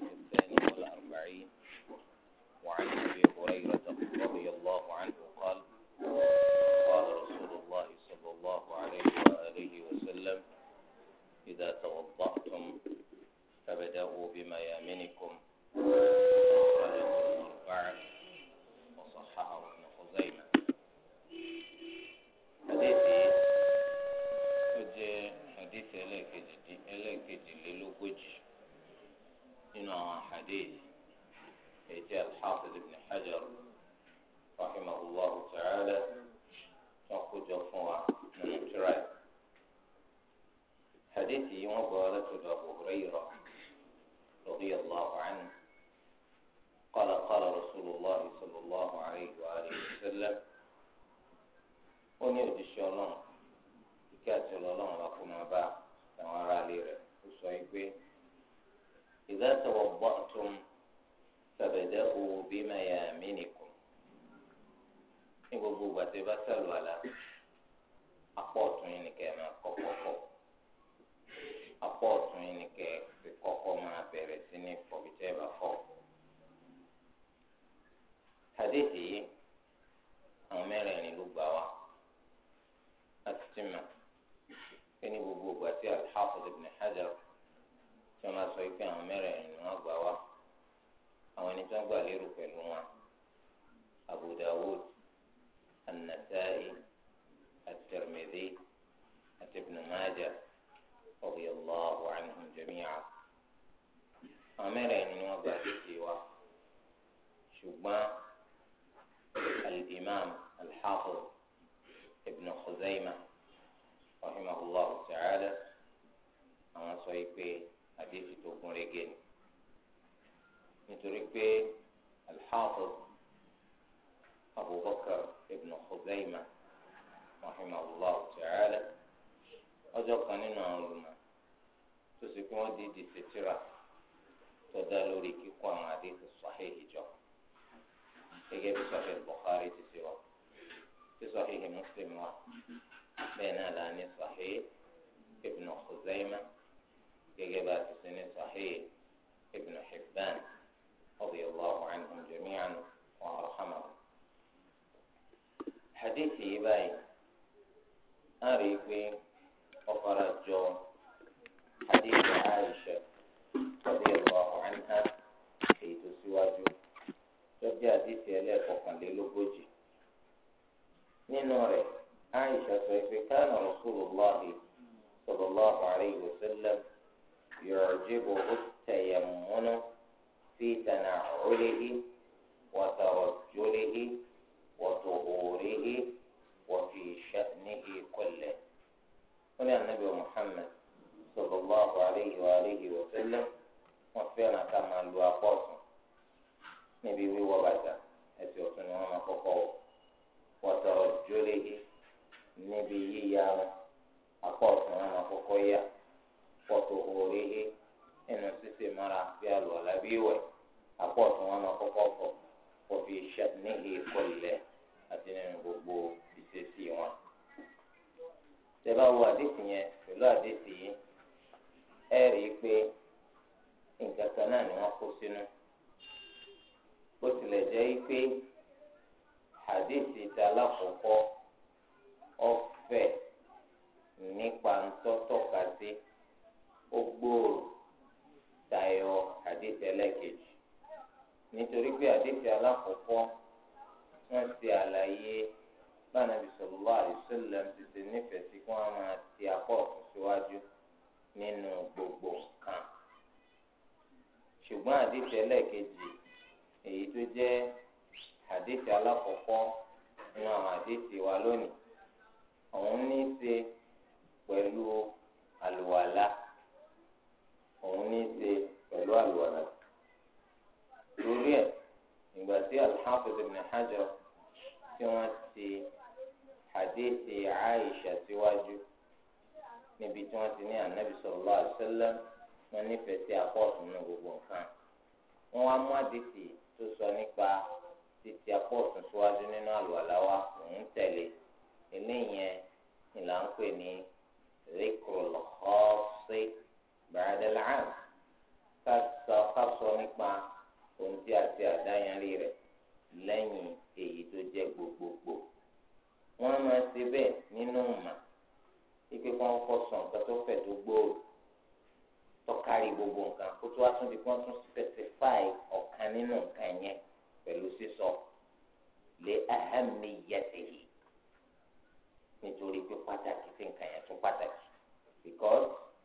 did. توضأتم فبدأوا بميامنكم ní gbogbo ìgbà tí ẹ bá sàlù àlá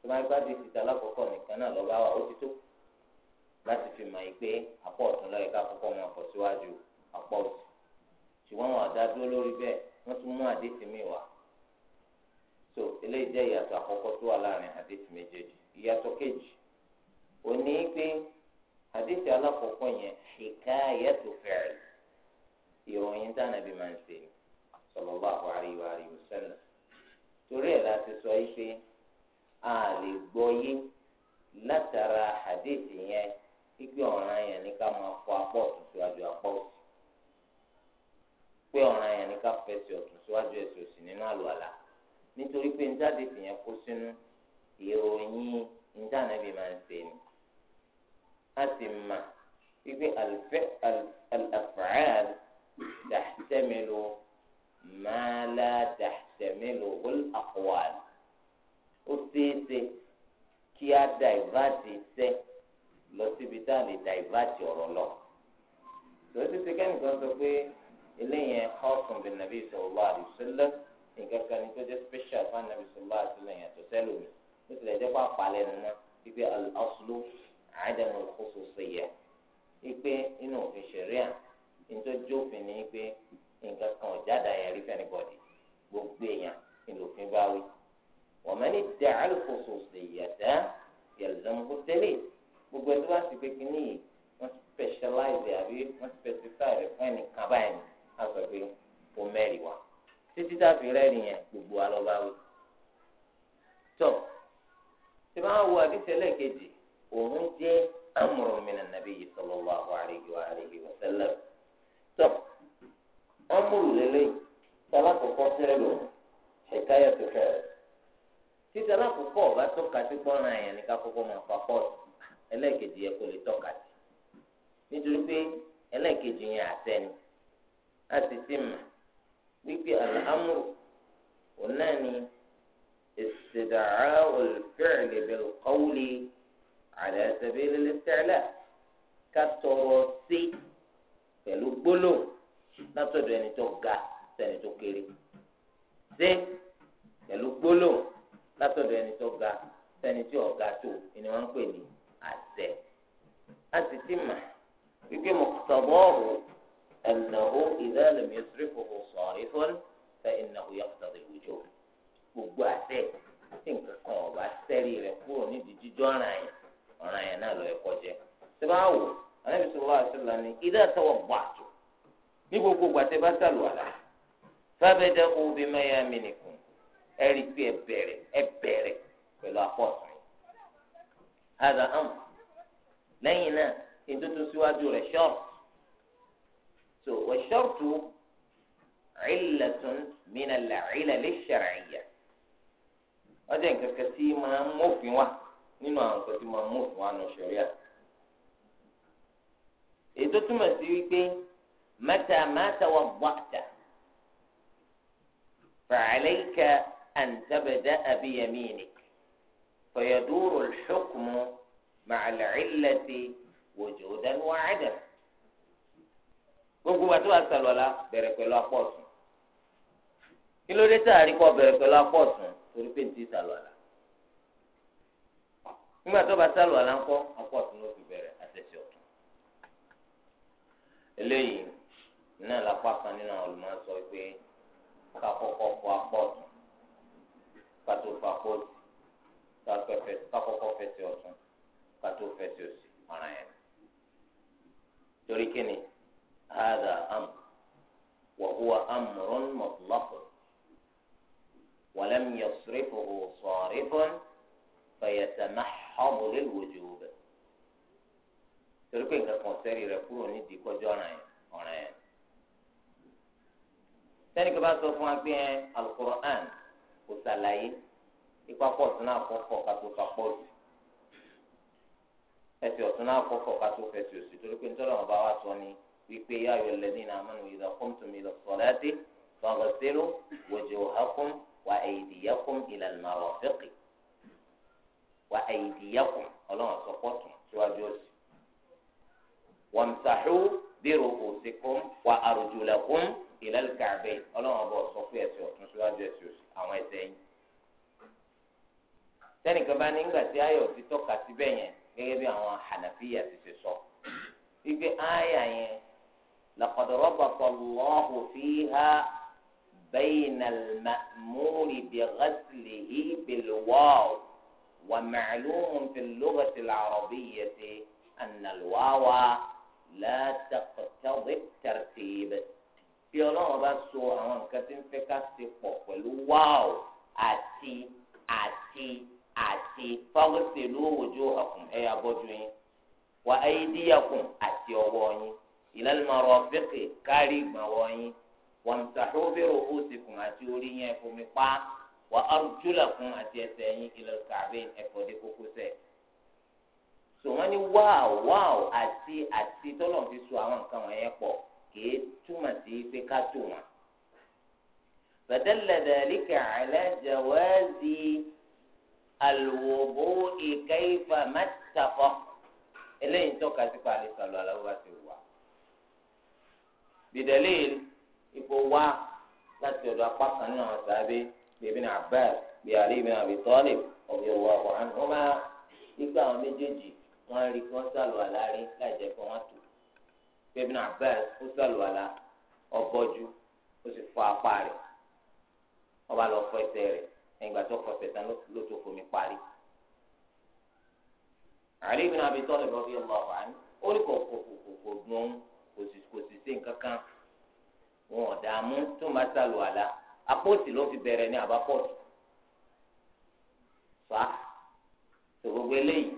máa gbá di ti alákọ̀ọ́kọ́ nìkan náà lọ́ba wa ó ti tó láti fi mọ̀ pé apá ọ̀tún lọ́yẹ̀ ká kọ́kọ́ máa pọ̀ síwájú apá òsì ṣùgbọ́n wọn àdá dúró lórí bẹ́ẹ̀ wọ́n tún mú àdéhùn mi wá so eléyìí jẹ́ ìyàtọ̀ àkọ́kọ́ tó wà láàrin àdéhùn méjèèjì ìyàtọ̀ kejì ò ní pé àdéhùn alákọ̀ọ́kọ́ yẹn hikayatu fi'l ìròyìn tánàbí máa ń ṣe sallallahu alaihi wa alihi wasallam torí ẹ̀ láti sọ yìí pé a lè gbọ́ yé látara hadith yẹn pípé ọ̀ràn yẹn ní ká máa fọ apá ọ̀tún síwájú apá òsì pé ọ̀ràn yẹn ní ká fẹsẹ̀ ọ̀tún síwájú ẹsẹ̀ òsì nínú àlùwàlà nítorí pé njáde tìyẹn kó sínú ìròyìn njánabi máa ń ṣe ni a sì mà wípé al-af'al tahtamilu ma la tahtamilu al-aqwal ó ṣeéṣe kí a dàìváàtì iṣẹ́ lọ síbi tá a lè dàìváàtì ọ̀rọ̀ lọ. tó ti ṣe kẹ́nìkan sọ pé eléyẹn ọ̀sùn bin nàbí sallallahu alaihi wasallam nǹkan kan ní tó jẹ́ special fún nàbí sallallahu alaihi wasallam yẹn tó sẹ́lò mi ó tilẹ̀ jẹ́ pé àpàlẹ́ nínú wípé al-aslu adamu al-khususiyyah wípé inú òfin ṣẹ̀ríà nítorí òfin ni wípé nǹkan kan ò jáde àyẹ̀rí fẹ́ni bọ̀dì gbogbo èèyàn ìlòfin bá wí. ومن ادعى الخصوصية يلزمه الدليل gbogbo ẹtọ́ bá ti pé kínní yìí wọ́n specialize àbí wọ́n specify rẹ̀ fún ẹnìkan báyìí á sọ pé kò mẹ́rin wá títí táfi rẹ́rìn yẹn gbogbo alọ́ba wí. tó tí máa wo àdìsẹ́ lẹ́ẹ̀kejì òun jẹ́ amrun min an-nabiy sallallahu alayhi wa alihi wa sallam. tó wọ́n múlò lélẹ́yìn tí alákòókò fẹ́rẹ̀ lòun ṣèkáyà tó fẹ́rẹ̀ títí alákòókò ọba tọ́ka sí gbọ́ràn àyàn ní kakókó máa fa pọ́ọ̀tù ẹlẹ́ẹ̀kejì yẹ kó lè tọ́ka sí nítorí pé ẹlẹ́ẹ̀kejì yẹn àtẹni a sì ti mà wípé alhamdu òun náà ni ìsìdàrà olùfẹ́ẹ̀lì bẹ̀rù kọ́wùlì àdá ẹsẹ̀bí lílé tẹ́lẹ̀ ká tọrọ sí pẹ̀lú gbólóhùn látọ̀dọ̀ ẹni tó ga sẹ́ni tó kéré sí pẹ̀lú gbólóhùn látọ̀dọ̀ ẹni tó ga sẹ́ni tí ọ̀gá tó ni wọ́n ń pè ní àṣẹ. a sì ti mà wípé mọ̀tàbọ́ọ̀rù ẹ̀nàwó ìdálẹ́mí ṣírífòfò sọ̀rí fún fẹ́ ìnáwó yàtọ̀dọ̀ ìwújọ. gbogbo àṣẹ tí nǹkan kan ọ̀bá sẹ́rí rẹ̀ kúrò nídìí jíjọ́ ọ̀ràn yẹn ọ̀ràn yẹn náà lọ ẹ̀kọ́ jẹ. tí wọ́n wò àwọn ibi sọ̀rọ̀ ni ẹ rí i pé ẹ bẹ̀rẹ̀ ẹ bẹ̀rẹ̀ pẹ̀lú apọ́sùn hàdà hàn lẹ́yìn náà ètò tó síwájú rẹ̀ ṣọ́ọ̀tù tó wọ ṣọ́ọ̀tù ìlẹ̀tún mìíràn làílẹ̀ lè ṣàràyà wọ́n jẹ́ nǹkan kan tí máa ń mófin wá nínú àwọn nǹkan tí máa ń mófin wá nù ṣẹ̀ríà ètò túmọ̀ sí wípé mẹ́ta mẹ́ta wà bọ́ọ̀tà fàálẹ́yìká. أن تبدأ بيمينك فيدور الحكم مع العلة وجودا وعدما gbogbo wa tó wà sàlọ́lá bẹ̀rẹ̀ pẹ̀lú apọ̀sùn kí ló dé tààrí kọ́ bẹ̀rẹ̀ pẹ̀lú apọ̀sùn torí pé n ti sàlọ́lá nígbà tó bá sàlọ́lá ńkọ́ apọ̀sùn ló fi bẹ̀rẹ̀ àtẹ̀sẹ̀ ọ̀tún eléyìí náà lápá kan nínú àwọn olùmọ̀ sọ ká kọ́kọ́ fọ apọ̀sùn kátó fapó kakọkọ fẹsẹ̀ ọ̀tún kátó fẹsẹ̀ òsì ọ̀ràn yẹn torí kíni hada am wàhùwà amúrún mọ̀tòlọ́pọ̀ wàlẹ́m yasrifuhu sarifun fayatamahabu lilwujub torí pé nǹkan kan sẹ́rí rẹ̀ kúrò nídìí kọjá ọ̀ràn yẹn ọ̀ràn yẹn sẹ́ni kí fún wa pé al kò ṣàlàyé ipa pọ̀ tún náà kọ́kọ́ ká tó ka pọ̀ jù ẹsẹ̀ ọ̀tún náà kọ́kọ́ ká tó fẹsẹ̀ òsì torí pé nítorí àwọn bá wa sọ ni wípé yá ayọ̀ lẹ́ni náà mọ́nu ìdá kọ́m tó mi lọ sọ láti fàgọ́sẹ́rù wọ̀jẹ̀ òhákùn wà ẹ̀yìdìyàkùn ìlànà ọ̀fẹ́kì wà ẹ̀yìdìyàkùn ọlọ́run sọ síwájú òsì wàmsàḥù bí rògbòsìkùn wà àrùjùlẹ̀kùn ìlà kàbẹ ọlọ́run ọba ọsọ fún ẹsẹ̀ ọ̀tún síwájú ẹsẹ̀ òsì àwọn ẹsẹ̀ yìí sẹnìkan bá ní ńgbà tí ayọ ti tọ́ka síbẹ̀ yẹn gẹ́gẹ́ bí àwọn hànàfíyà ti ṣe sọ wípé ayà yẹn laqad rabata Allahu fiha bayna al-ma'muri bi ghaslihi yìí waw ومعلوم wà اللغة العربية أن الواو لا تقتضي الترتيب bí ọlọ́run bá so àwọn nǹkan tí ń fẹ́ ká ṣe pọ̀ pẹ̀lú wáò àti àti àti fáwọ́sẹ̀lú òjò ọkùn ẹ̀yà bọ́jú yín wà ayé díyàkùn àti ọwọ́ yín ìlànàmọ̀rọ̀ fẹ́kẹ̀ kárí ìgbàwọ́ yín wà mùsàlù bẹ̀rù òsìkùn àti orí yẹn fomi pa wà arjulakum àti ẹsẹ̀ yín ìlànà kàbí ẹ̀fọ́ kókó sẹ̀. sọ wọn ni wáò wáò àti àti tọ́lọ̀ fi so àwọn nǹkan wọ̀nyẹn pọ̀ kìí túmọ̀ sí pé ká tù wọn. فدل ذلك على جواز الوضوء كيف ما اتفق eléyìí ń tọ́ka sí pa àlè sọ̀rọ̀ aláwọ̀ ti wà. bìdẹ̀lì ipò wá láti ọ̀dọ̀ apá kan nínú àwọn sábẹ́ bíbí ní Abbas bíi Ali ibn Abi Talib ọ̀bí ọ̀wọ́ ọ̀hán. wọ́n máa nígbà àwọn méjèèjì wọ́n rí kí wọ́n sàlù ibn abbas ó sàlùwàlà ọbọjú ó sì fọ apá rẹ̀ ó bá lọ fọ ẹsẹ̀ rẹ̀ ẹgbà tó fọ ẹsẹ̀ tán ló tó fomi parí. Ali ibn Abi Talib radiyallahu anhu ó ní kò kò kò kò gun òun kò sì kò sì sí nǹkan kan wọn ò tó máa sàlùwàlà apóòtì ló fi bẹ̀rẹ̀ ní àbápọ̀tù fa tó gbogbo eléyìí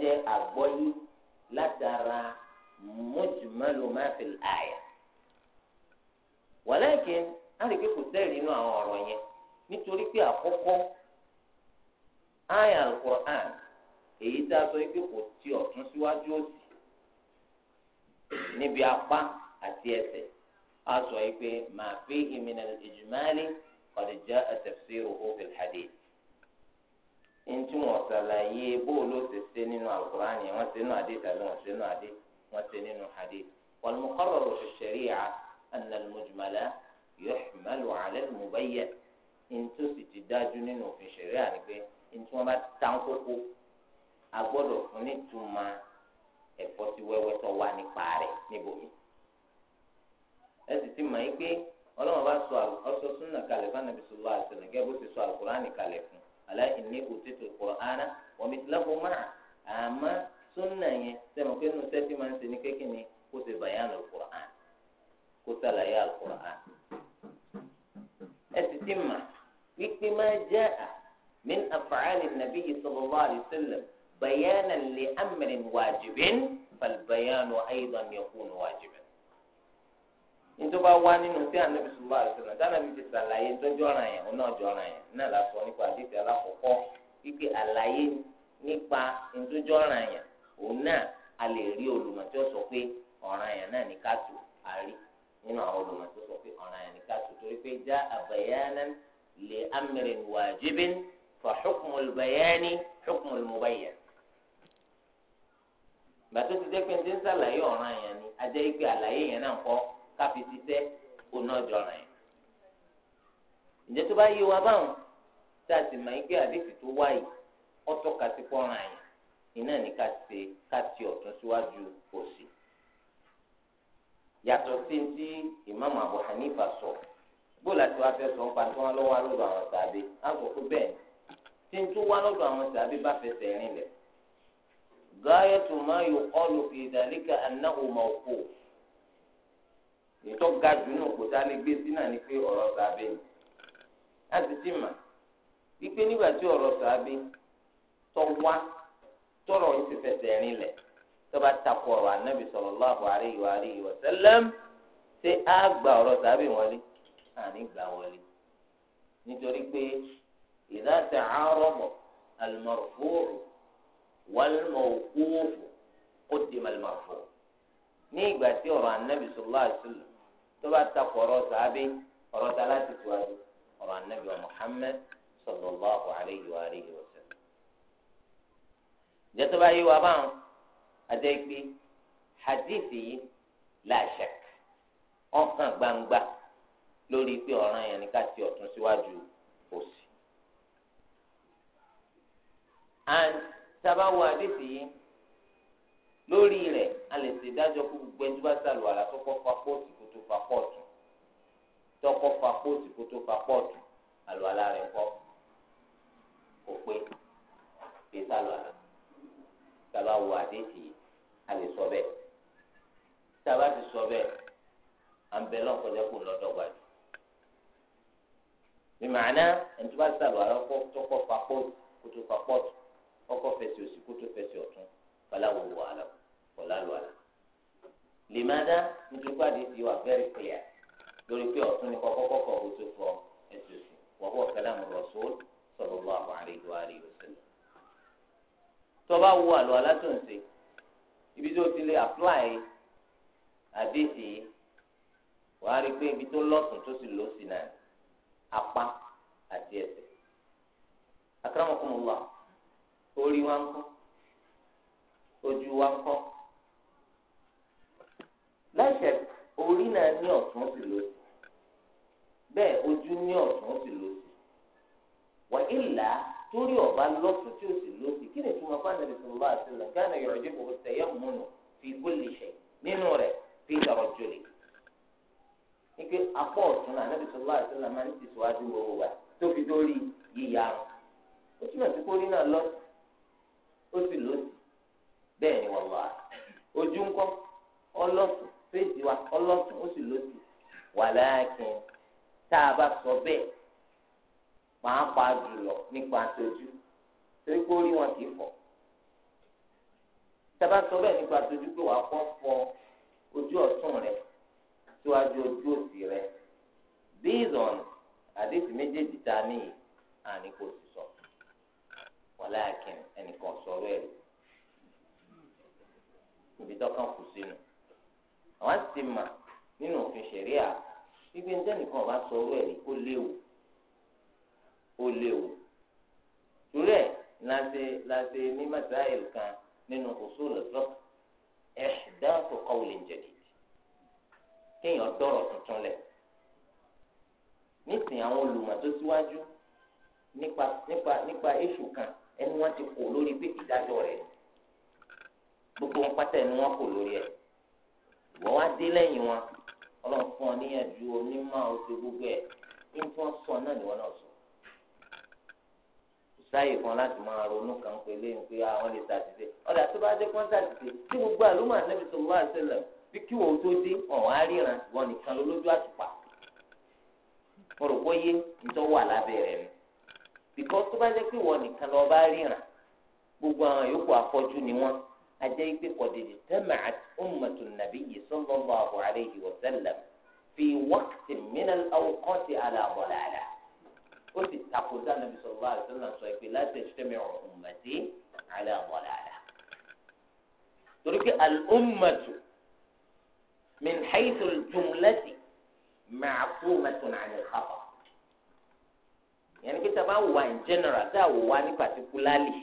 jẹ́ àgbọ́yé látara mujmalu ma fil aya walakin alike kò sẹ́ẹ̀rì inú àwọn ọ̀rọ̀ yẹn nítorí pé àkọ́kọ́ aya alukur'an èyí tá a sọ pé kò tí ọ̀tún síwájú òsì níbi apá àti ẹsẹ̀ a sọ pé ma fihi min al-ijmali qad jaa tafsiruhu fil ṣàlàyé bóòlù ṣe nínú alukur'an yẹn wọn ṣe nínú àdé tàbí wọn ṣe nínú àdé wọ́n ti nínú hadith wal-muqarraru fi ash-shari'a anna al-mujmala yuhmalu ala al-mubayyan ntó sì ti dájú nínú òfin ṣẹ̀ríà ni pé ntí wọ́n bá ta kókó a gbọ́dọ̀ fún nítumọ̀ ẹ̀fọ́ sí wẹ́wẹ́ tó wà nípa rẹ̀ níbòmí. ẹ sì ti mọ̀ yín pé ọlọ́run bá sọ ọsọ súnà kalẹ̀ fún anabi sọlá àṣẹlẹ̀ gẹ́gẹ́ bó ti sọ àlùkùránì kalẹ̀ fún aláìní òtítù kùránà wọ́n mi ti lọ́kùn máa àmọ́ sunna yẹn sẹ́mu pé nu sẹ́tì máa ń ṣe ní kékeré kó ṣe bàyàn al-Qur'an kó ṣàlàyé al-Qur'an. ẹ sì ti mà wípé máa jẹ́ à min af'ali nabiyyi sallallahu alayhi wa sallam bayanan li amrin wajibin fal bayanu aydan yakunu wajiban. nítorí bá wá nínú sí anabi sallallahu alayhi wa sallam dáná bíi ti ṣàlàyé tọ́jú ọ̀ràn yẹn ọ̀nà ọ̀jọ̀ ọ̀ràn yẹn náà lásán nípa àdéhùn alákọ̀ọ́kọ́ wípé àlàyé nípa ìtújọ́ ọ̀ràn yẹn òun náà a lè rí olùmọ̀ tí ó sọ pé ọ̀ràn yẹn náà ní káàtó àárí nínú àwọn olùmọ̀ tó sọ pé ọ̀ràn yẹn ní káàtó torí pé já àbẹ̀yẹ́nán lè amrin wàjibin fa hukmul bayani hukmul mubayyan. gbàtó ti jẹ́ pé ń ti ń sàlàyé ọ̀ràn yẹn ni ajẹ́ ìgbé àlàyé yẹn náà kọ́ káfi ṣiṣẹ́ oná yẹn. ǹjẹ́ tó bá yé wa báwọn tá a sì mọ̀ ìgbé iná ní ká ṣe ká ti ọ̀tún síwájú òsì yàtọ̀ sí ti ìmáàmù Abu Hanifa sọ bóòlù àti wàá fẹ́ sọ ń pa tí wọ́n lọ́wọ́ lọ́dọ̀ àwọn sàbẹ̀ àgùkù bẹ́ẹ̀ tí n tún wá lọ́dọ̀ àwọn sàbẹ̀ bá fẹsẹ̀ rìn lẹ̀ gáyẹ̀tù máa yọ kọlù fi ìdàlíkà annahu mawquf ìtọ́ ga jù náà kò tá a lè gbé sí náà ni pé ọ̀rọ̀ sàbẹ̀ ni láti ti mà wípé nígbà tí ọ̀rọ̀ sàbẹ̀ tọ́ wá tọrọ yìí ti fẹsẹ̀ rin lẹ̀ tọba takọ ọ̀rọ̀ anabi sallallahu alaihi wa alihi wa sallam ṣé á gba ọ̀rọ̀ sábẹ wọlé àní gbà wọlé nítorí pé idha ta'arada al-marfu' wal-mawquf quddima al-marfu' ní ìgbà tí ọ̀rọ̀ anabi sallallahu alaihi wa sallam tọba takọ ọ̀rọ̀ sábẹ ọ̀rọ̀ tá láti tó àdó ọ̀rọ̀ anabi wa muhammed sallallahu alaihi wa ìjẹ́ tó bá yé wa báwọn adé pé hadith yìí la shak ọ̀hàn gbangba lórí pé ọ̀ràn yẹn ni ká ti ọ̀tún síwájú òsì. and tabawo hadith yìí lórí rẹ̀ a lè ṣe ìdájọ́ kó gbogbo ẹni tó bá ṣàlùwàlá tó kọ́ fa kóòtù kó tó fa kóòtù tọkọ fa kóòtù kó tó fa kóòtù àlùwàlá rẹ̀ kọ́ kò pé kí sálùwàlá tàbá wo àdéhìí a lè sọ bẹ́ẹ̀ tàbá ti sọ bẹ́ẹ̀ à ń bẹ lọ́n kọjá kó lọ́dọ̀gba jù bìmọ̀ọ́nà ẹni tó bá sàlù àrọ́ kọ́kọ́ papọ̀ kótó papọ̀ kọ́kọ́ fẹsẹ̀ òsì kótó fẹsẹ̀ ọ̀tún faláwo wò àlọ́ kọ́lá lọ àlọ́ lèmọ́dá nítorí pé àdéhìí wà very clear lórí pé ọ̀tún ni kọ́kọ́ kọ́kọ́ kó tó fọ ẹsẹ̀ òsì wọ́pọ̀ kalamu rasul sallallahu alaihi wa alihi wasallam tó o bá wo àlọ́ alátùnṣe ibi tó ti lè apply àdéhì wà á rí i pé ibi tó lọ́sùn tó sì lò sí náà apá àti ẹsẹ̀ akramakumullah orí wa ń kọ́ ojú wa ń kọ́ láìsẹ̀ orí náà ní ọ̀tún sì lò bẹ́ẹ̀ ojú ní ọ̀tún sì lò wà á ilà torí ọba lọ sí tí o sì lọ sí kí ni ìtumọ̀ fún àdàbí sọ̀rọ̀ bá àti ìlànà gánà yọ̀rọ̀ jẹ́ kòkó tẹ̀yẹ́ múnú fi gbólì ṣe nínú rẹ̀ fi ìdàrọ̀ jòlè. ní pé apọ̀ ọ̀tún náà àdàbí sọ̀rọ̀ bá àti ìlànà máa ń ti sọ̀wájú gbogbo wa tó fi dórí yíya rùn. ó túmọ̀ sí kórí náà lọ ó sì bẹ́ẹ̀ ni wọ́n wà á. ojú ńkọ́ ọlọ́sùn fèsì wa ọlọ́sùn pàápàá jùlọ nípa àtọ́jú torí pé ó rí wọn kì í fọ́ sábà sọ bẹ́ẹ̀ nípa àtọ́jú pé wàá kọ́ fọ ojú ọ̀tún rẹ síwájú ojú òsì rẹ based on àdéhùn méjèèjì tá a níyì àní kò sì sọ wàlá akin ẹnìkan sọ̀rọ̀ ẹ ibi tọkàn kù sínú àwọn ti mà nínú òfin ṣẹ̀ríà gbígbé ní tẹnìkan ọba sọ̀rọ̀ ẹ kó léwu ó léwu torí ẹ̀ láti láti ní masáìl kan nínú usul al-fiqh ihdathu qawlin jadid kéèyàn dọ̀rọ̀ tuntun lẹ̀ nísìnyí àwọn olùmọ̀ tó síwájú nípa nípa nípa èṣù kan ẹni wọ́n ti kò lórí pé ìdájọ́ rẹ̀ gbogbo wọn pátá ẹni wọ́n kò lórí ẹ̀ wọ́n wá dé lẹ́yìn wọn ọlọ́run níyànjú onímọ̀ oṣù gbogbo ẹ̀ ní tí wọ́n náà ni wọ́n náà sọ sáyè kan láti máa ronú kan pé léyìn pé àwọn lè ṣàtìsẹ ọ̀dà tó bá dé kán ṣàtìsẹ tí gbogbo àlùmọ̀ ànábì sallallahu alaihi wasallam bí kí wọ́n tó dé ọ̀hún á ríran wọn nìkan ló lójú àtùpà mo rò pé yé nítorí wà lábẹ́ rẹ̀ ni bìkọ́ tó bá dé pé wọn nìkan lọ bá ríran gbogbo àwọn yòókù afọ́jú ni wọ́n ajẹ́ pé kọ̀dìdì tẹ́mẹ̀t ummatu nabiyyi sallallahu alaihi wasallam fi waqtin min al-awqati ó sì takò sáà nàbì sallallahu alaihi wasallam sọ pé la tajtami'u ummati ala dalalah torí pé al-ummatu min haythu al-jumlati ma'fumatun 'an al-khata' yẹnni pé sábà wà in general tá a wà ní particularly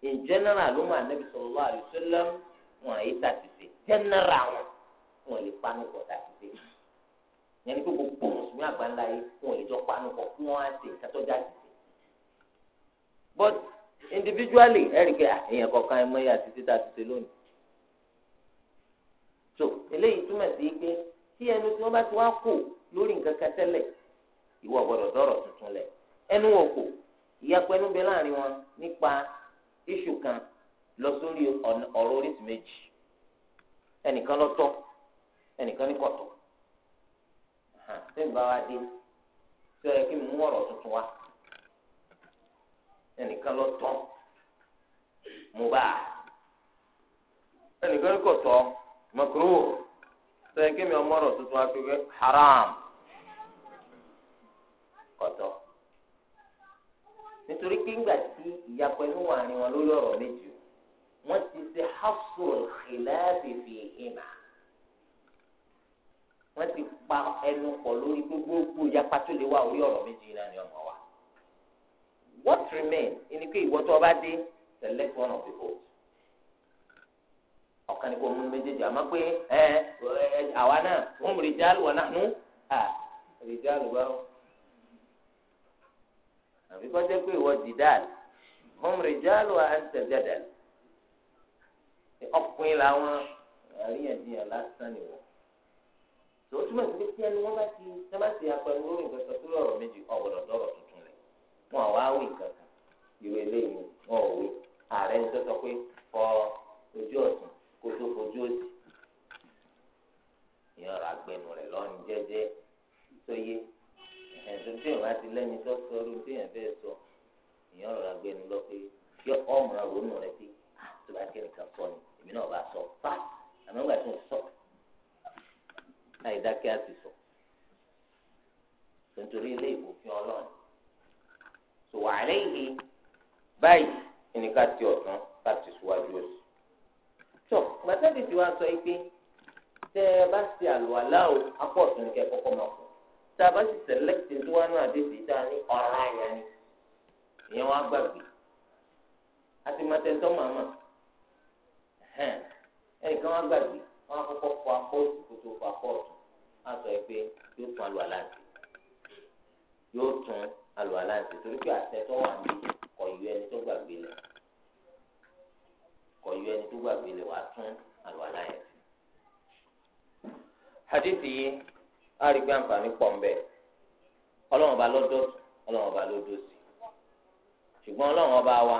in general ló máa nàbì sallallahu alaihi wasallam wọn àyè tàṣìṣe general wọn wọn lè panu pọ̀ tàṣìṣe yẹn ni pé gbogbo mùsùlùmí àgbáńlá yìí fún ìjọ panupọ̀ fún wọn á ṣe ìkàtọ́jà but individually ẹ̀rí pé èèyàn kọ̀ọ̀kan ẹ̀ mọ́yà títí tá a ti ṣe lónìí so eléyìí túmọ̀ sí pé tí ẹnu tí wọ́n bá ti wá kò lórí nǹkan kan tẹ́lẹ̀ ìwọ gbọ́dọ̀ dọ̀rọ̀ tuntun lẹ̀ ẹnu wọn kò ìyapẹ́ ẹnu bẹ láàrin wọn nípa iṣu kan lọ sórí ọ̀rọ̀ oríṣi méjì ẹnìkan lọ́tọ̀ ẹnìkan ní kọ̀tọ̀ ṣé ìgbà wa dé tó yẹ kí n mú ọ̀rọ̀ tuntun wá ẹnìkan lọ tán mo bá ẹnìkan kò tọ́ mọ̀kúrò tó yẹ kí mi ọmọ ọ̀rọ̀ tuntun wá pé haram kọ̀tọ́ nítorí pé ńgbà tí ìyapọ̀ inú wà ní wọn lórí ọ̀rọ̀ méjì wọ́n ti ṣe hafsul khilafi fi hìmà wọ́n ti pa ẹnu pọ̀ lórí gbogbo yapa tó lè wá orí ọ̀rọ̀ méjì náà ni ọmọ wa. what remain ni pé ìwọ tó o bá dé select one of the both. ọ̀kan ni kò mú méjèèjì àmọ́ pé ẹ ẹ àwa náà wọ́n mú rìjálù wọn náà nú à rìjálù bá wọn. àbí kọ́ jẹ́ pé ìwọ jìdáàlì wọ́n mú rìjálù à ń tẹ̀jẹ̀ dàlì. ọkùnrin làwọn àríyànjiyàn lásán ni wọ́n tó o túmọ̀ sí pé tí ẹni wọ́n bá ti ṣe bá ti apẹ̀lú lórí nǹkan kan tó lọ́rọ̀ méjì ọ̀gbọ̀dọ̀ dọ̀rọ̀ tuntun lẹ̀ wọn àwa wí kankan ìwé eléyìí wọn ò wí ààrẹ ń sọ pé kọ ojú ọ̀sán kó tó fojú òsì ìyẹn ọ̀rọ̀ agbẹnu rẹ̀ lọ́rùn jẹ́jẹ́ tó yé ẹ̀sùn tí òun láti lẹ́ni tó sọ orí tí èèyàn fẹ́ sọ ìyẹn ọ̀rọ̀ agbẹnu lọ pé yọ ọmọ ronú rẹ pé ah, tó bá kẹ́nìkan sọ ni èmi náà bá sọ pa àmọ́ ìgbà láì dákẹ́ àsìsọ nítorí ilé ìbòfin ọlọ́run tó wà lẹ́yìn báyìí ẹnìkan ti ọ̀tún láti síwájú òsì. tó gbàtẹ́bí ti wá sọ pé tẹ ẹ bá ṣe àlùwàlá o apọ̀tún kẹ kọ́kọ́ máa fọ tá a bá sì sẹ̀lẹ́kìtì tó wá náà débi tá a ní ọ̀rá yẹn ni ìyẹn wá gbàgbé àti màtẹ́ntọ́ màmá ẹnìkan wá gbàgbé wọn á kọ́kọ́ fọ apọ̀ òsì tó fọ apọ̀ ọ̀tún á sọ pé yóò tún alù aláǹtì yóò tún alù aláǹtì torí pé àṣẹ tó wà ní kò yọ ẹni tó gbàgbé lẹ̀ kò ẹni tó gbàgbé lẹ̀ wàá tún alù aláǹtì. hadithi yìí á rí gbé àǹfààní pọ̀ ń bẹ̀ ọlọ́run ọba lọ́dọ̀ ọlọ́run ọba lọ́dọ̀ sí ṣùgbọ́n ọlọ́run ọba wa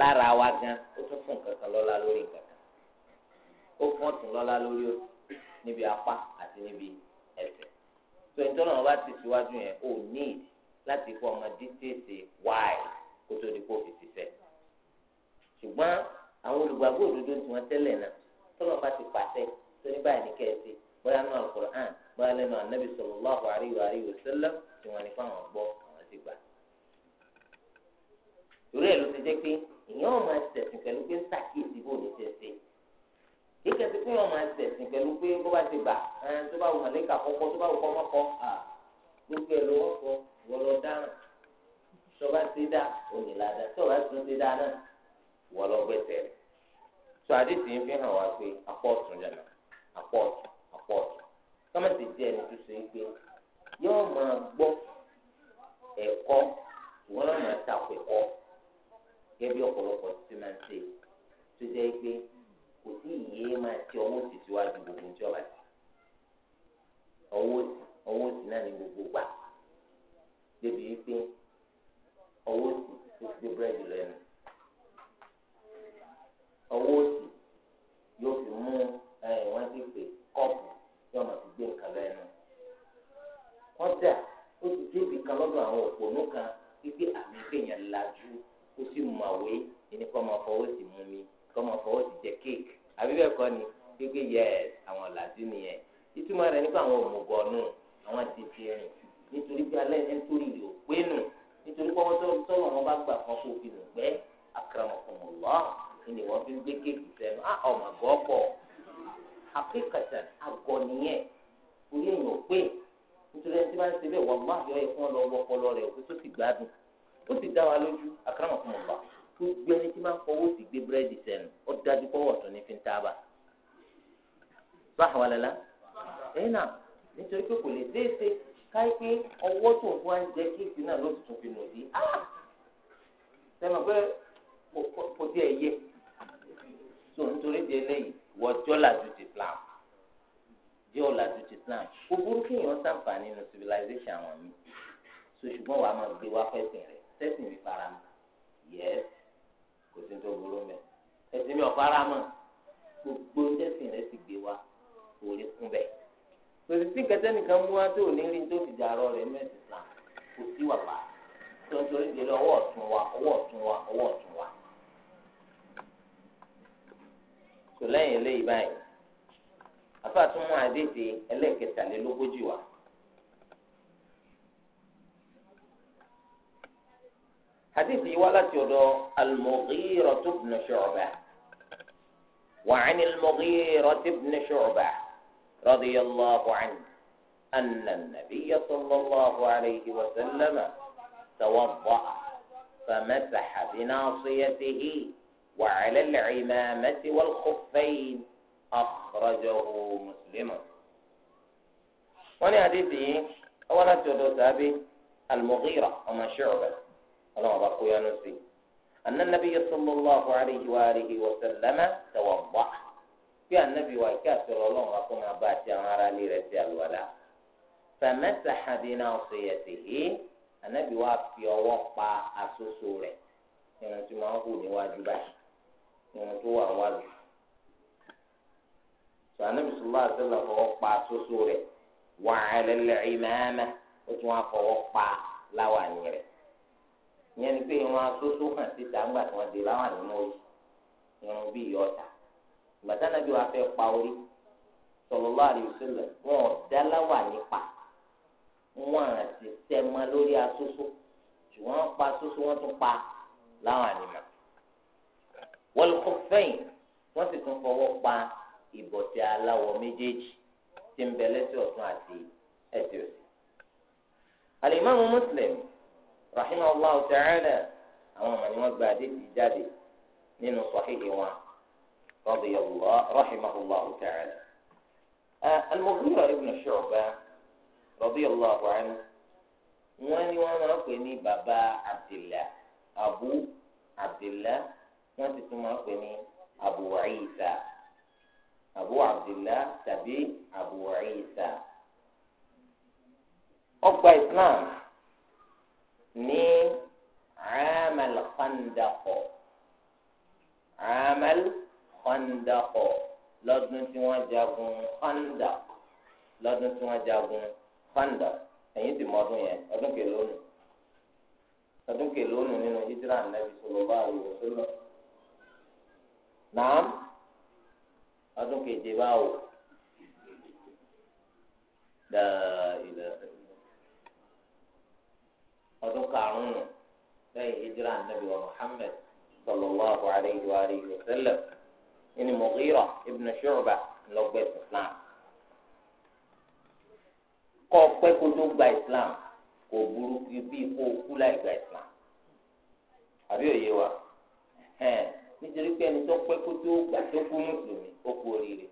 lára wa gan ó tún fún nǹkan kan lọ́lá lórí nǹkan kan ó fún ọ̀tún lọ́lá lórí ó níbi apá àti níbi ẹsẹ̀ tó ń tọ́nà bá ti síwájú yẹn ó need láti kó ọmọ dítéèsì why kó tó di kó fi ṣiṣẹ́ ṣùgbọ́n àwọn olùgbàgbọ́ òdodo tí wọ́n tẹ́lẹ̀ náà tọ́nà bá ti pàṣẹ tó ní báyìí ní kẹ́ẹ̀sì bóyá nínú alukur'an bóyá lẹ́nu anabi sallallahu alaihi wa alihi wasallam tí wọ́n ní fáwọn gbọ́ àwọn ti gbà. ìrú ẹ̀ ló ti jẹ́ pé ìyẹn ò máa ṣẹ̀sìn pẹ̀lú pé ń ṣàkíyèsí bó ní ṣe ṣe ètò ẹ̀sìn pé wọ́n máa ń tẹ̀sìn pẹ̀lú pé bó bá ti gbà tó bá wù màlẹ́kà kọ́kọ́ tó bá wù kọ́ mọ́kọ́ gbogbo ẹ̀ ló wọ́n kọ́ wọ́n lọ dáràn tó bá ti dá òní ládá tó bá tún ti dá náà wọ́n lọ gbẹ̀tẹ̀ rẹ̀ tó àdéhùn yìí fi hàn wá pé apọ́ọ̀tún jẹ̀nà apọ́ọ̀tún apọ́ọ̀tún kọ́mẹ́tì jẹ́ ẹni tó so yìí pé yóò máa gbọ́ ẹ̀kọ́ wọ́n máa takò ẹ̀kọ́ gẹ́gẹ́ bí ọ̀pọ̀lọpọ̀ kò sí ìyé máa ti ọwọ́ sí síwájú gbogbo ní ọba sí ọwọ́ ọwọ́ náà ní gbogbo gbà débi wípé ọwọ́ sí tó fi dé búrẹ́dì lẹ́nu ọwọ́ yóò fi mú wọ́n ti pè kọ́ọ̀pù tí wọ́n máa fi gbé nǹkan lẹ́nu kọ́dà ó ti débi kan lọ́dọ̀ àwọn kan àmì ìpènyàn lajú ó sì ẹni kọ́ máa fọwọ́ sí mú mi. kọ́mọ fọwọ́ ti jẹ kéèkì àbí bẹ́ẹ̀ kọ́ ni gbégbé yẹ àwọn làdí nìyẹn ìtumọ̀ rẹ̀ nípa àwọn òmùgọ̀nù àwọn tètè rìn nítorí pé alẹ́ ní torí rè ó pé nù nítorí pé ọwọ́ tọ́lọ̀ wọn bá gbà fún kó fi nù pẹ́ akramakumullah ni wọ́n fi gbé kéèkì sẹ́nu á ah, ọmọ àgọ́ pọ̀ àpékàtà àgọ́ nìyẹn orí èèyàn ò pé nítorí ẹni tí wọ́n ń ṣe bẹ́ẹ̀ wọ́n máa yọ ẹ̀fọn lọ wọ́pọ̀ lọ rẹ̀ òkú tó sì gbádùn ó sì dá wa lójú akramakumullah tó gbé ẹni tí máa ń fọwọ́ sí gbé búrẹ́dì sẹ́nu ó dájú pọ́wọ́ tó ní fi ń tábà báwa lẹ́la ẹ̀yìn náà nítorí pé kò lè déése káyé pé ọwọ́ tó ń fún wa ń jẹ kéèkì náà ló tuntun fi nù sí sẹ́nu ah! pé kò tí ẹ yé so nítorí di eléyìí wọ́n jọ́ làjú ti plan jọ́ làjú ti plan kò burú kéèyàn sàǹfààní nínú civilization àwọn mi so ṣùgbọ́n wàá máa gbé wá fẹ́sìn rẹ̀ sẹ́sìn mi fara mi yẹ́sì kò sí tó burú mẹ ẹsìn mi ọ̀fara mọ̀ gbogbo ẹsìn rẹ ti gbé wa kò lè kún bẹ́ẹ̀ kò sì sí kẹtẹ́ nìkan mú wa tó ò ní rí tó fi dàrọ rẹ mẹ́sìn náà kò sí wà pa tó ń torí délé ọwọ́ ọ̀tún wa ọwọ́ ọ̀tún wa ọwọ́ ọ̀tún wa. sọ lẹ́yìn eléyìí báyìí afáàtúmọ̀ àdéhìí ẹlẹ́ẹ̀kẹtàlélógójì wa. حديث ولا تدو المغيرة بن شعبة وعن المغيرة بن شعبة رضي الله عنه أن النبي صلى الله عليه وسلم توضأ فمسح بناصيته وعلى العمامة والخفين أخرجه مسلم وني حديثي ولا تدو المغيرة وما شعبة ọlọ́run bá kó yánú sí anna nabiyya sallallahu alayhi wa alihi wa sallama tawadda bí anabi wa kí àtọrọ ọlọ́run bá kó máa bá àti àwọn ará ilé rẹ̀ sí àlùwàlá famasaha bi nasiyatihi anabi wa fi ọwọ́ pa asoso rẹ̀ irun tí wọn hù níwájú báyìí irun tó wà wájú sọ anabi sallallahu alayhi fọwọ́ pa asoso rẹ̀ wa ala ìyẹn ni pé irun asoso hàn síta ńgbà tí wọ́n di láwọn àdúgbò yìí irun bíi ọ̀tà ìgbà táwọn bí wọ́n fẹ́ pa orí sallallahu alaihi wasallam wọn ò dá láwà nípa wọn àti tẹmọ lórí asoso ṣùgbọ́n pa asoso wọ́n tún pa láwọn àdìmọ̀ wal khuffayn wọ́n sì tún fọwọ́ pa ìbọ̀tẹ́ aláwọ̀ méjèèjì tí ń bẹ lẹ́sẹ̀ ọ̀tún àti ẹsẹ̀ òsì. Al-Imam Muslim rahimahullahu ta'ala àwọn ọmọ ni wọ́n gba àdéhùn jáde nínú sọ̀híhì wọn radiyallahu rahimahullahu ta'ala. al-Mughira ibn Shu'ba radiyallahu anhu wọ́n ní wọ́n máa ń pè ní baba Abdillah Abu Abdillah wọ́n ti tún máa ń pè ní Abu Isa Abu Abdillah tàbí Abu Isa ó Islam ní amal khandakọ amal khandakọ lọ́dún tí wọ́n jagun khandak lọ́dún tí wọ́n jagun khandak ẹ̀yin ti mọ ọdún yẹn ọdún kẹlónù ọdún kẹlónù nínú hijira anabi sallallahu alaihi wasallam naam ọdún keje báwo dáa ilẹ̀ ọdún karùn-ún lẹ́yìn hijira anabi wa muhammed sallallahu alayhi wa alihi wa sallam ẹni mughira ibn shu'ba lọ́gbẹ́ islam kọ́ pẹ́ kó tó gba islam kò burú bí kó kú láì gba islam àbí òye wa nítorí pé ẹni tó pẹ́ kó tó gbà tó kú mùsùlùmí ó kú oríire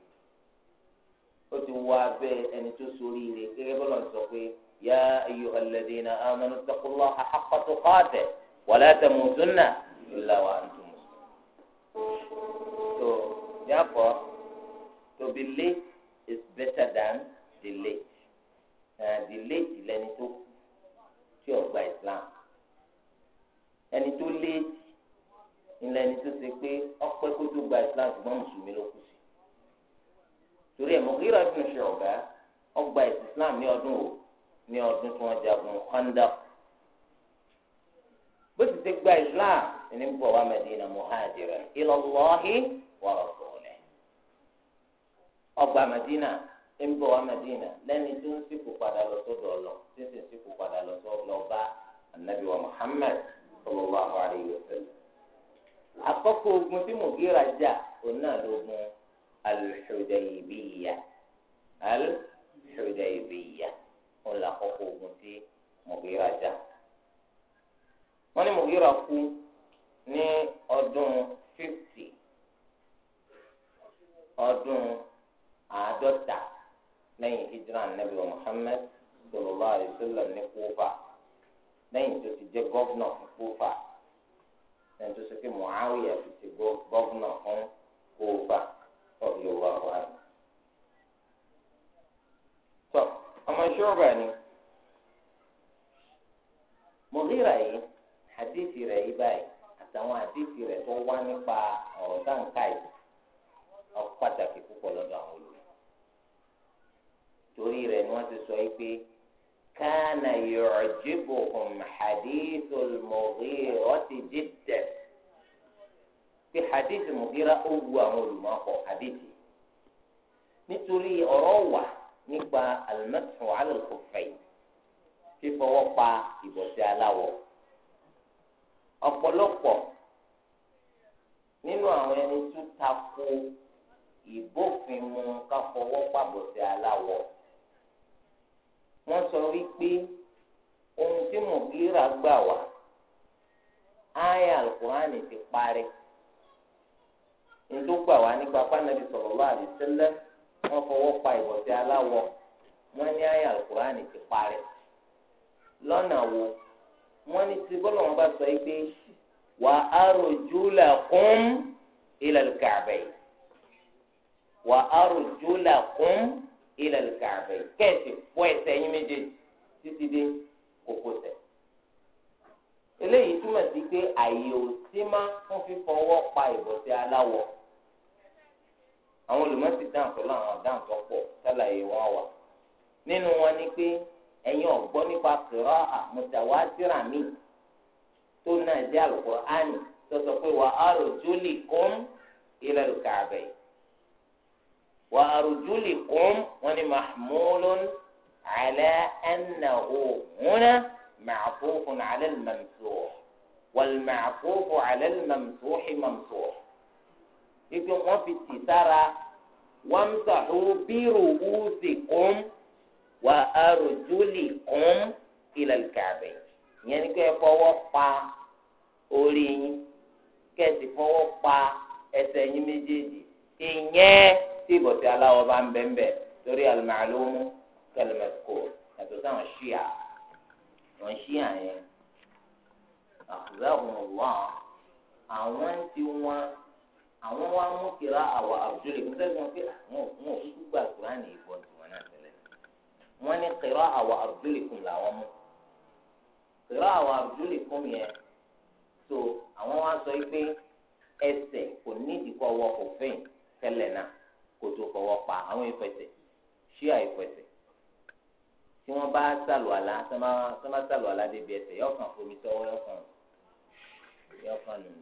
ó ti wọ abẹ́ ẹni tó ṣoríire gẹ́gẹ́ bọ́lá ń sọ pé. يا أيها الذين آمنوا اتقوا الله حق تقاته ولا تموتن إلا وأنتم مسلمون so therefore to believe is better than delay uh, delay lẹni tó tí ó gba Islam ẹni tó late ìlẹni tó ṣe pé ọpẹ́ kó tó gba Islam ṣùgbọ́n mùsùlùmí ló kù sí torí ẹ̀ Mughira ibn Shu'ba ọgbà Islam ní ọdún òru. ní ọdún tí wọ́n jagun Khandaq bó ti ti gba Islam ní bọ̀ wá Madina muhajiran ila Allahi wa ọgbà Madina ń bọ̀ wá Madina lẹ́ni tó ń sìnkú padà lọ ọlọ tó ń sìnkú padà lọ sọ́dọ̀ ọba anabi wa Muhammad àkọ́kọ́ ogun tí Mugira jà òun náà lógun al-Hudaybiyah wọn là kọ́kọ́ ogun tí Mughira jà wọn ní Mughira kú ní ọdún fifty ọdún àádọ́ta lẹ́yìn hijra nabi wa Muhammad sallallahu alayhi wa sallam ní Kúfà lẹ́yìn tó ti jẹ́ gọ́vnọ̀ fún Kúfà lẹ́yìn tó sọ pé Muawiya ti ti gọ́vnọ̀ fún Kúfà sọ̀rọ̀ yorùbá wa ọmọ ṣọ́ọ̀bà ni Mughira yìí hadithi rẹ̀ yìí báyìí àtàwọn hadithi rẹ̀ tó wá nípa ọ̀rọ̀ táǹkà yìí ọ̀pọ̀ pàtàkì púpọ̀ lọ́dọ̀ àwọn olùkọ́ torí rẹ̀ ni wọ́n ti sọ yìí pé kánà yu'jibuhum hadithul Mughirati jiddan pé hadithi Mughira ó wu àwọn olùmọ̀ọ́kọ̀ hadithi nítorí ọ̀rọ̀ wà nípa alimẹsùn wàhálà òkòfẹ fífọwọ́ pa ìbọ̀sẹ̀ aláwọ̀ ọ̀pọ̀lọpọ̀ nínú àwọn ẹni tó tako ìbófin mu káfọwọ́ pa ìbọ̀sẹ̀ aláwọ̀ wọ́n sọ wípé ohun tí mọ̀gíra gbà wá ayé alukurani ti parí nítorí gbà wá nípa pàánàbí sallallahu alaihi wasallam wọ́n fọwọ́ pa ìwọ̀sẹ̀ aláwọ̀ wọ́n ní àyà alukurani ti parẹ́ lọ́nà wo wọ́n ní ti bọ́lá wọn bá sọ yìí pé wà á rojú là kún ilal ka'bay wà á rojú là kún ilal ka'bay kẹ́ẹ̀sì fọ́ ẹsẹ̀ yín méjèèjì títí dé kókósẹ̀ eléyìí túmọ̀ sí pé àyè ò sí má fún fífọwọ́ pa ìbọ̀sẹ̀ aláwọ̀ àwọn olùmọ̀sí dáhùn pẹ̀lú àwọn àdáhùn tó pọ̀ sálàyé wọn wà nínú wọn ni pé ẹ̀yin ọ̀gbọ́n nípa kìrọ́ àmùtàwátìrà mi tó náà jẹ́ àlùkùránì tó sọ pé wà á rojú lè kún ilẹ̀ kàbẹ̀ wà á rojú lè kún wọn ni mahmulun ala annahu huna ma'fufun ala al-mamsuh wal ma'fufu ala al ipe wọn fi tì sára wamsahu bi ru'usikum wa arjulikum ila al-ka'bah ìyẹn ni pé ẹ fọwọ́ pa orí yín kẹ́sì fọwọ́ pa ẹsẹ̀ yín méjèèjì ìyẹn tí ìbọ̀tí aláwọ̀ bá ń bẹ́ẹ̀ bẹ́ẹ̀ torí al-ma'lumu kal sáwọn ṣíà wọn ṣíà yẹn àkùrẹ́ ọ̀hún wà àwọn ti wọn àwọn wa mú kíra àwọ àbùjọlẹ kó sẹ́yìn wọn pé àwọn òkun òkú gbà kúránì ìbọn tiwọn náà tẹ́lẹ̀ wọn ní kíra àwọ àbùjọlẹ kùn làwọn mú kíra àwọ àbùjọlẹ kùn yẹn tó àwọn wa sọ pé ẹsẹ̀ kò nídìí kọ wọ òfin tẹ́lẹ̀ náà kò tó fọwọ́ pa àwọn ìfẹsẹ̀ ṣí àìfẹsẹ̀ tí wọ́n bá sàlù àlá sọ ma sàlù àlá débi ẹsẹ̀ yọkàn fomi tọwọ́ yọkàn yọkàn nìyí.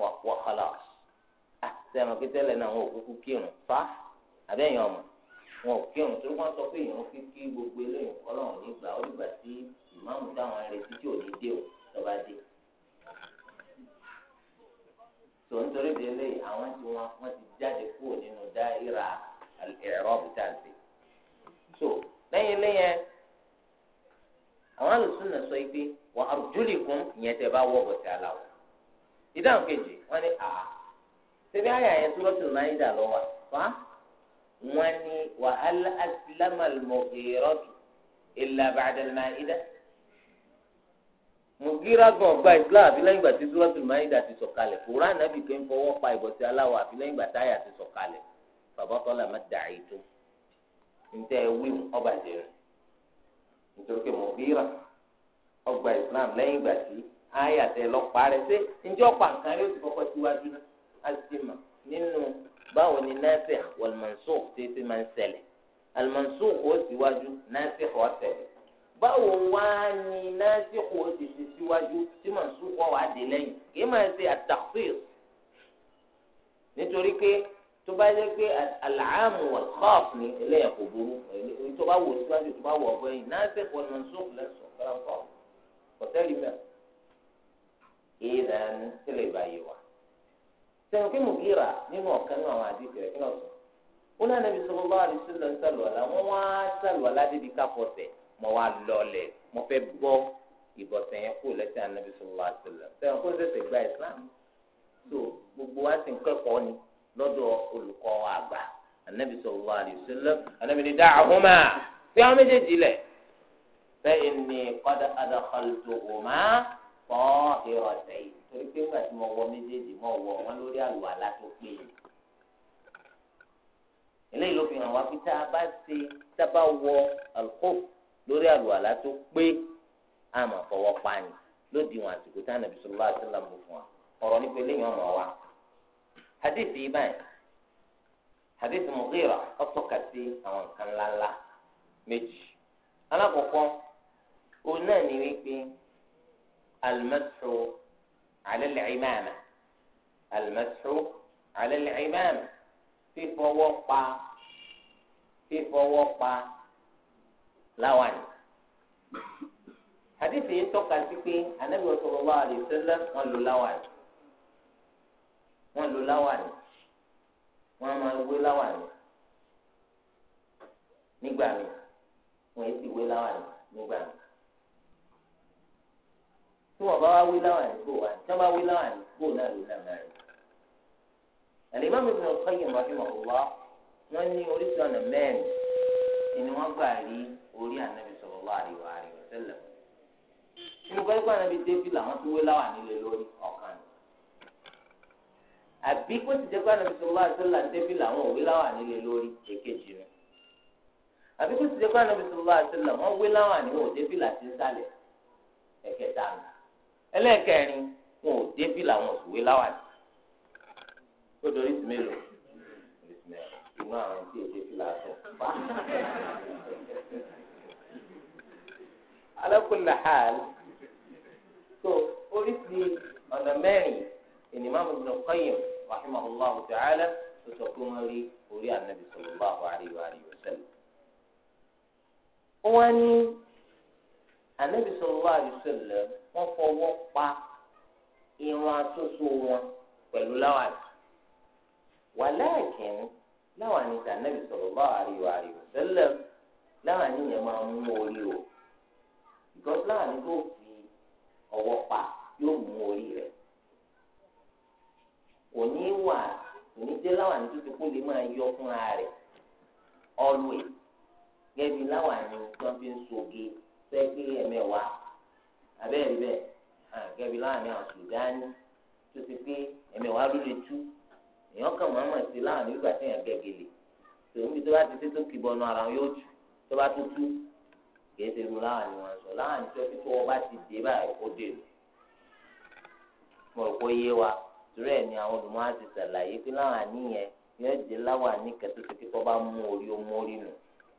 wọ́n kọlá sẹ́mi kìtẹ́lẹ̀ náà wọn ò kúkú kírun fa àbẹ́yẹn ọmọ wọn ò kírun tó wọ́n sọ pé ìrún kíkí gbogbo eléyìí ọlọ́run nígbà ó dìgbà tí ìmáàmù táwọn retí tí ò ní dé o dé. tó ń torí bí eléyìí àwọn tí wọn wọn ti jáde kúrò nínú so àwọn ìdáhùn kejì wọ́n ní a ṣebí àyà yẹn tó lọ́sùn náà ìdá lọ́wọ́ fa wọ́n ní wàhálà asilámàlmọ̀ èrọ́dù ìlà bàdàlmà ìdá mugiragun ọgbà islam àfi lẹ́yìn ìgbà tí suratul maida ti sọ̀kalẹ̀ quran nàbì pé ń fọwọ́ pa ìbọ̀sí aláwọ̀ àfi lẹ́yìn ìgbà táyà ti sọ̀kalẹ̀ fàbọ́tọ́lá má tó ntẹ́ wíwù ọba jẹun nítorí pé mugiragun ọgbà islam lẹ́yìn ìgbà tí ayé àtẹ lọ́pàá rẹ̀ ṣé njẹ́ ọ̀pá nǹkan rẹ̀ ó ti kọ́kọ́ síwájú náà á ti mà nínú báwo ni nasikh wal mansukh ṣe ti máa ń ṣẹlẹ̀ al mansukh ó síwájú nasikh ó tẹ̀lé báwo wá ni nasikh ó ti ṣe síwájú tí mansukh ó wà dé lẹ́yìn kì í máa ṣe at-takhsis nítorí pé tó bá yẹ pé al-aam wal ni eléyàn kò burú tó bá wò tó bá wò ọ̀gbẹ́yìn nasikh wal mansukh lẹ́sọ̀ọ́ kọ́ńtọ́ kọ́tẹ́lì mẹ́rin ìlànà tẹ́lẹ̀ ìbáyé wa. sẹ́wọ̀n kí Mugira nínú ọ̀kan nínú àwọn àdìsí rẹ̀ kí lọ sọ. ó náà nàbí sọ bá àdìsí sílẹ̀ ń sàlùwàlà wọ́n wá sàlùwàlà débi káfọ́sẹ̀ mọ́ wá lọlẹ̀ mọ́ fẹ́ gbọ́ ìbọ̀sẹ̀ yẹn kú lẹ́sẹ̀ ànábì sọ bá àdìsílẹ̀ sẹ́wọ̀n kó sẹ̀sẹ̀ gba Islam tó gbogbo wa sì ń kẹ́kọ̀ọ́ ni lọ́dọ̀ olùkọ́ àgbà ànábì sọ bá àdìsílẹ̀ ànábì ni dáhùnmá fi àwọn méjèèjì lẹ̀ fẹ́ ẹni kọ́dà adàkọ̀lùtò òmá kọ́ ìrọ̀ ọ̀sẹ̀ yìí torí pé nígbà tí mo wọ méjèèjì mo wọ wọn lórí àlùwàlá tó pé e. eléyìí ló fi hàn wá pé tá a bá ṣe tá a bá wọ alukóf lórí àlùwàlá tó pé a máa fọwọ́ pa ni lódiwọ̀n àsìkò tá a nàbí sọlá àṣìlá mú fún wa ọ̀rọ̀ nípa eléyìí ọmọ wa. hadith yìí báyìí Mughira ọ̀tọ̀ka sí àwọn nǹkan ńláńlá méjì alákọ̀ọ́kọ́ òun náà ní wípé. المسح على العمامة المسح على العمامة في فيفوقا لوان حديث يتوقع سيكي النبي صلى الله عليه وسلم قال لوان wọ́n lo láwàní wọ́n máa wé láwàní nígbà mi wọ́n yìí tí wọn bá wá wí láwọn àdúgbò wa tí wọn bá wí láwọn àdúgbò náà ló náà náà rẹ. Al-Imam Ibn Qayyim rahimahullah wọn ní oríṣi ọ̀nà mẹ́rin ni wọ́n gbà rí orí ànábi sallallahu alaihi wa alihi wa sallam. inú kọ́lẹ́kọ́ ànábi débi làwọn tó wé láwọn nílé lórí ọ̀kan. àbí kó ti jẹ́ pé ànábi sallallahu alaihi wa sallam débi làwọn òwe láwọn nílé lórí èkejì rẹ̀. àbí kó ti jẹ́ pé ànábi sallallahu alaihi wa sallam wọ́n wé láwọn àníwò débi làtí ń sálẹ̀ ẹ̀kẹta nù ẹlẹ́ẹ̀kẹrin wọn ò débi làwọn òṣùwé láwàní ó dorí sí mélòó inú àwọn tí èdè fi làásùn pa. alákùnlé hàl tó oríṣi ọ̀nà mẹ́rin ènìmọ́ àbùdùn kọ́yìn rahimahullah ta'ala tó sọ pé wọ́n rí orí ànábì sallallahu alaihi wa alihi wa sallam. wọ́n ní ànábì sallallahu alaihi wa sallam. wọ́n fọwọ́ pa irun asoso wọn pẹ̀lú láwàní wàláàkín láwàní tànàbì sallallahu alaihi wa alihi wasallam láwàní yẹn máa mú orí o because láwàní tó fi ọwọ́ pa yóò mú orí rẹ̀ kò ní wà ní tó kó lè máa yọ gẹ́gẹ́ abẹ́rẹ́ bẹ́ẹ̀ àgẹ́bí láàrin àwọn sùdáni tó ti pé ẹ̀mí wàá ló lè tú èèyàn kàn máa mọ̀ sí láàrin ìgbà tí èèyàn gẹ̀gẹ̀lẹ̀ tòun bí tó bá ti tẹ́ tó kìbọnú ara yóò tú tó bá tó tú kìí ṣe irú láàrin wọn sọ láàrin tó tó wọn bá ti dé báyìí ó dé lù mo rò pé yé wa torí ẹ̀ ni àwọn olùmọ̀ àti sàlàyé pé láàrin yẹn yóò dé láwà ní kẹtù tó fi tó bá mú orí ó mú orí nù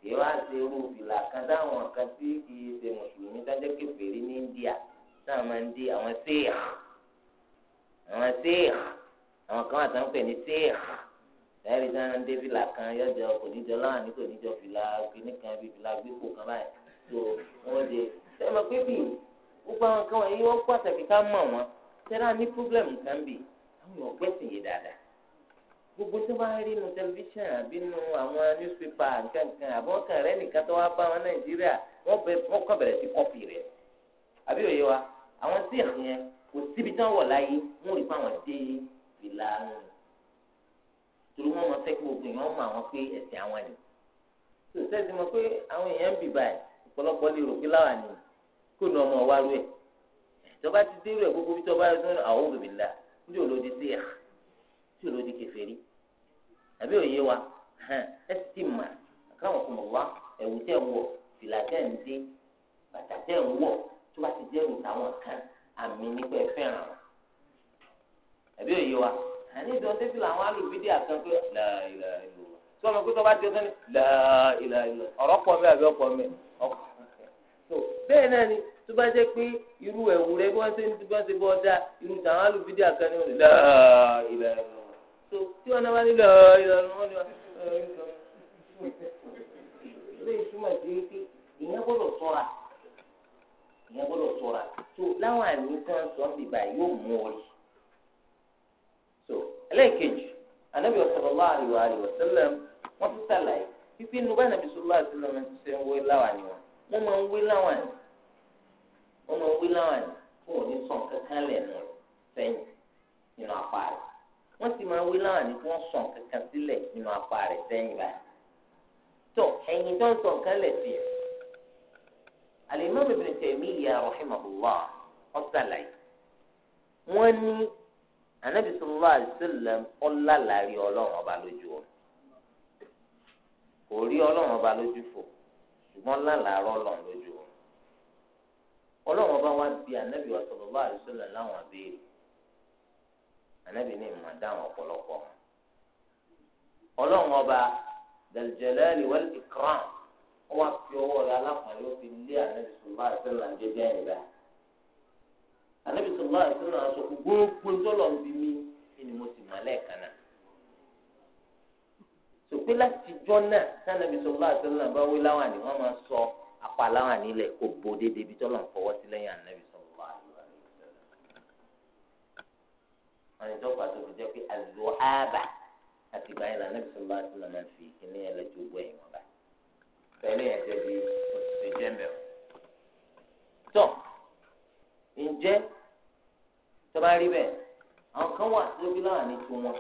kìí wá ṣe irú fìlà kan táwọn kan tí kìí ṣe mùsùlùmí tájẹ́ kẹfìrí ní India táwọn máa ń di àwọn séèx àwọn séèx àwọn kan wà tán ń pè ní séèx láyé tí wọn dé fìlà kan yọjọ kò ní jọ láwọn ní kò ní fìlà kíní bíi fìlà gbígbó kan báyìí tó wọn dé sẹ́yìn mọ̀ pé gbogbo àwọn kan wọ̀nyí wọ́n pàtàkì ká mọ̀ wọ́n sẹ́yìn náà ní pírọ́blẹ̀mù kan bì àwọn èèyàn yìí dáadáa gbogbo tó bá rí nu tẹlifíṣàn àbí nu àwọn níwúsípà nǹkankan àbọ̀kàn rẹ nìkan tó wá bá wọn nàìjíríà wọn bẹ wọn kọ bẹ̀rẹ̀ sí kọ́pì rẹ àbí òye wa àwọn sí ẹ̀sìn yẹn kò síbi tí wọn wọ̀ láyé wọn rí fáwọn dé ìlànà torí wọn mọ fẹ́ kí gbogbo èèyàn mọ àwọn pé ẹ̀sìn àwọn ni tó sẹ́sìn mọ pé àwọn èèyàn ń bì báyìí ọ̀pọ̀lọpọ̀ lè rò pé láwà ni kó nu ọmọ wa rú ẹ̀ tó bá ti dé rẹ̀ gbogbo bí tó bá rí tí o ló di kèfèrí àbí òye wa ẹ sì mà káwọn kò mọ wá ẹ̀wù tẹ ń wọ̀ fìlà tẹ ń dé bàtà tẹ ń wọ̀ tó bá ti dẹrù táwọn kan àmì nípa ẹ fẹ́ràn wọn àbí òye wa àní ìjọ tẹ́tí làwọn alùpùpù àkàn pé láìlà ìlú tí wọn kó tó bá ti ọsán ni láìlà ìlú ọ̀rọ̀ pọ̀ mẹ́ àbí ọ̀pọ̀ mẹ́ ọ̀pọ̀ bẹ́ẹ̀ náà ni tó bá jẹ́ pé irú ẹ̀wù rẹ bí wọ́n ṣe ń bọ́ dá irú tàwọn alùpùpù àkàn ni láìlà ìlú. So, tí wọn náà wá nílò ìrọ̀rùn wọn ni wọn lè túmọ̀ sí pé ìyẹn gbọ́dọ̀ ṣọ́ra ìyẹn gbọ́dọ̀ ṣọ́ra tó láwọn àmì kan sọ ń bìbà yóò mú orí tó ẹlẹ́ẹ̀kejì anabi sallallahu alaihi wa alihi wa sallam wọ́n ti sàlàyé pípé inú bá anabi sallallahu alaihi wa sallam ti ṣe ń wé láwọn àni wọn wọ́n máa ń wé láwọn àni wọ́n máa ń wé láwọn àni fún òní sàn kankan lẹ́nu sẹ́yìn nínú apá rẹ̀ wọ́n sì máa wí láwọn ní kí wọ́n sọ nǹkan kan sílẹ̀ nínú apá rẹ̀ sẹ́yìn báyìí. tó ẹ̀yin tó ń sọ nǹkan lẹ̀ sí ẹ̀. Al-Imam Ibn Taymiyyah rahimahullah ọ̀sàlàyé. wọ́n ní Ànábì sallallahu alaihi wasallam ọ̀làlàrí ọlọ́run ọba lójú wọn. kò rí ọlọ́run ọba lójú fò ṣùgbọ́n lálàárọ̀ ọlọ́run lójú wọn. ọlọ́run ọba wá bí Ànábì sallallahu anabi ní ìmọ̀ dáhùn ọ̀pọ̀lọpọ̀ ọlọ́run ọba dàlùjẹ̀lẹ́lì wal ikram ó wá fi ọwọ́ rẹ̀ alápàlẹ́ ó fi lé anabi sọlá àìsílẹ̀ àjẹ́ bí ẹ̀yìn rẹ̀ anabi sọlá àìsílẹ̀ àṣọ gbogbo ńtọ́lọ̀ ń bí mi ni mo sì mọ̀ lẹ́ẹ̀kan náà sòpé láti jọ́ náà sanabi sọlá àìsílẹ̀ bá wí láwọn àní wọ́n máa sọ apá láwọn ànílẹ̀ kó bo déédéé bí tọ́lọ̀ ń fọwọ́ sí lẹ́yìn anabi àwọn ìjọba tó fi jẹ́ pé azuhaba àti ìgbà ìlànà bisimilá ti nà máa fi kíní ẹlẹ́jọ́ gbọ́ ẹ̀yìn ọ̀la pẹ̀lú yẹn jẹ́ bí òṣìṣẹ́ jẹ́ mbẹ́ o. tọ́ ǹjẹ́ tó bá rí bẹ́ẹ̀ àwọn kan wà tó bí láwọn ní tó wọn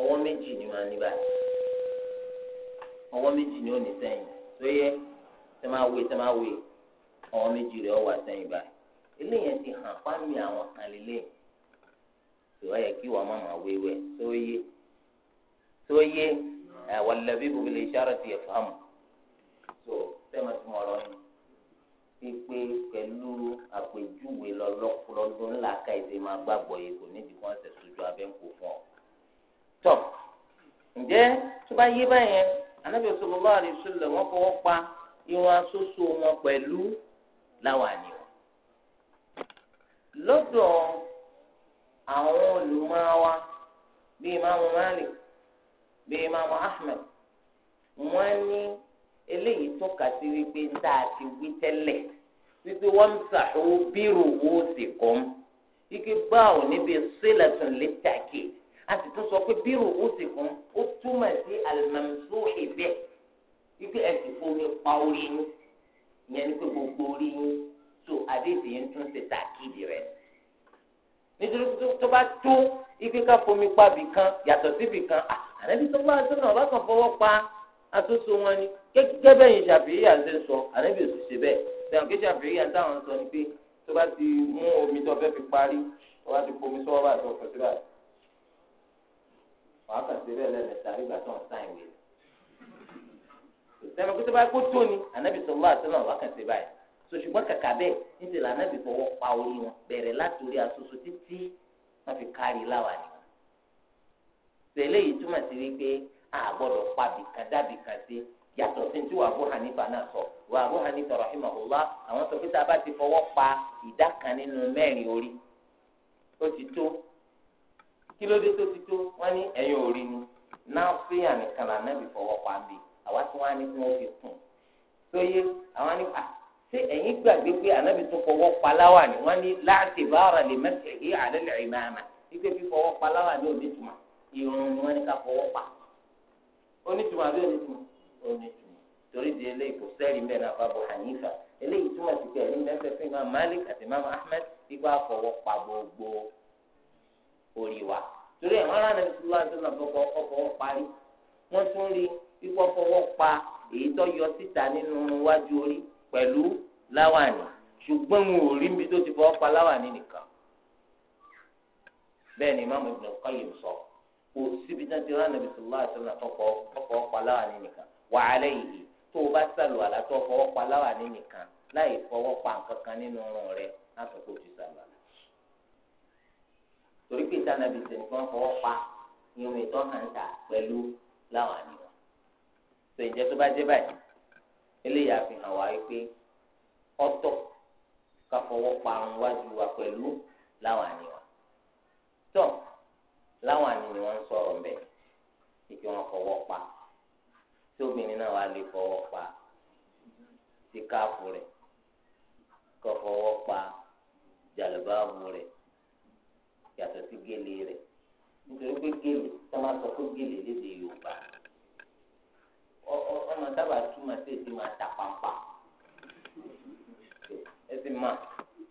ọwọ́ méjì ni wọ́n á ní báyìí ọwọ́ méjì ni ó ní sẹ́yìn tó yẹ tẹ́ máa wé tẹ́ máa wé ọwọ́ méjì rẹ̀ ó wà báyìí eléyẹn ti hàn fámì àwọn kan lélẹ́yìn tòwá yẹ kí wàá máa wéwẹ sóyè sóyè wàlẹ́bí bòbílẹ̀ ìṣàrọ̀ ti ẹ̀fọ́ àmọ́ tó sẹ́mi tí mo rọ ni pípé pẹ̀lú àpèjúwe lọ́lọ́kùlọ́dún ńlá ká ìdè máa gbàgbọ́ yìí kò nídìí kí wọ́n ṣe sojú abẹ́ ń kó fún ọ. tọ́ ǹjẹ́ tó bá yé báyẹn anábì sallallahu alaihi wasallam wọ́n fọwọ́ pa irun asóso wọn pẹ̀lú láwàní wọn. lọ́dọ̀ àwọn olùmọ̀wá bíi imaamu malik bíi imaamu ahmed wọ́n ní eléyìí tó kà sí wípé tá a ti wí tẹ́lẹ̀ wípé wọ́n ń sàhó bírò wo sì kọ́ m ike báwo níbi sílẹ̀tún lè tàkì a sì tún sọ pé bírò wo sì kọ́ ó túmọ̀ sí alimamiso ìbẹ́ ike ẹ̀sìn fomi pa orí yín ìyẹn ni pé gbogbo orí yín so àdéhìí ń tún ṣe tàkì rẹ̀ sí nítorí tó bá tó ibi ká fomi pa bì kan yàtọ̀ síbì kan ànábi tó bá tó náà bá kàn fọwọ́ pa àtúnṣe wọn ni gẹ́gẹ́ bẹ́yìn ṣàfihàn ṣe sọ ànábi ò sì ṣe bẹ́ẹ̀ sẹ́wọ̀n kí ṣàfihàn táwọn sọ ni pé tó bá ti mú omi tó fẹ́ fi parí tó bá ti fomi sọ́wọ́ bá tó fẹ́ sí báyìí wàá kàn sí bẹ́ẹ̀ lẹ́ẹ̀mẹ́ta nígbà tó ń sáìn wèé sẹ́wọ̀n kí tó bá kó sòṣùgbọ́n kàkà bẹ́ẹ̀ níbi lànà bí fọwọ́ pa orí wọn bẹ̀rẹ̀ látòrí asoso títí wọn fi kárí láwa ni wọn. tẹ̀lé yìí túmọ̀ sí wípé a gbọ́dọ̀ pa bìkan dábì kan sí yàtọ̀ sí tí wà Abu Hanifa náà sọ wà Abu Hanifa rahimahullah àwọn sọ pé tá a bá ti fọwọ́ pa ìdá kan nínú mẹ́rin orí ó ti tó kí ló dé tó ti tó wọ́n ní ẹ̀yìn orí ni náà fíyàn nìkan lànà bí fọwọ́ pa bì àwa tí wọ́n á ní kí wọ́n fi kùn tó yé àwọn nípa ah, ṣé ẹ̀yin gbàgbé pé ànábì tó fọwọ́ paláwà ni wọ́n ní láti bára lè mẹ́tẹ̀ẹ́hí àlẹ́ lè rìn máa mà wípé fífọwọ́ paláwà ní onítùmọ̀ irun ni wọ́n ní ká fọwọ́ pa onítùmọ̀ àbí onítùmọ̀ onítùmọ̀ torí di eléyìí kò sẹ́ẹ̀rì mẹ́rin àbábọ̀ hànífà eléyìí túmọ̀ sí pé ẹ̀rí mẹ́fẹ́ fún imam Malik àti imam Ahmed wípé àfọwọ́ pa gbogbo orí wa torí ẹ̀ wọ́n rán ẹni tó láti pẹ̀lú láwàní ṣùgbọ́n mo ò rí ibi tó ti fọ́ pa láwàní nìkan bẹ́ẹ̀ ni imáàmù Ibn Qayyim sọ kò síbi tí wọ́n ti rán nàbì sallallahu alaihi wasallam tọkọ̀ pa láwàní nìkan wa alayhi tó o bá sàlù àlá tó fọwọ́ pa láwàní nìkan láì fọwọ́ pa nǹkan kan nínú ọrùn rẹ láti kó o ti sàlù àlá torí pé ìtàn nàbì sẹ́ni tí wọ́n fọwọ́ pa irun ìtọ́ hàn ta pẹ̀lú láwàní wọn. sọ tó bá jẹ́ báyìí eléyà fi hàn wá pé ọ̀tọ̀ ká fọwọ́ parun wájú wa pẹ̀lú láwọn àníwá tó láwọn àníwá wọn sọ̀rọ̀ mbẹ ìpè wọn fọwọ́ pa tí obìnrin náà wà lè fọwọ́ pa ti káàpù rẹ̀ kó pa jàlùbáàbù rẹ̀ yàtọ̀ sí gèlè rẹ̀ nítorí pé gèlè tó máa sọ pé gèlè lédè Yorùbá. ọmọ sábà túmọ̀ sí èsì máa ta pampa èsì máa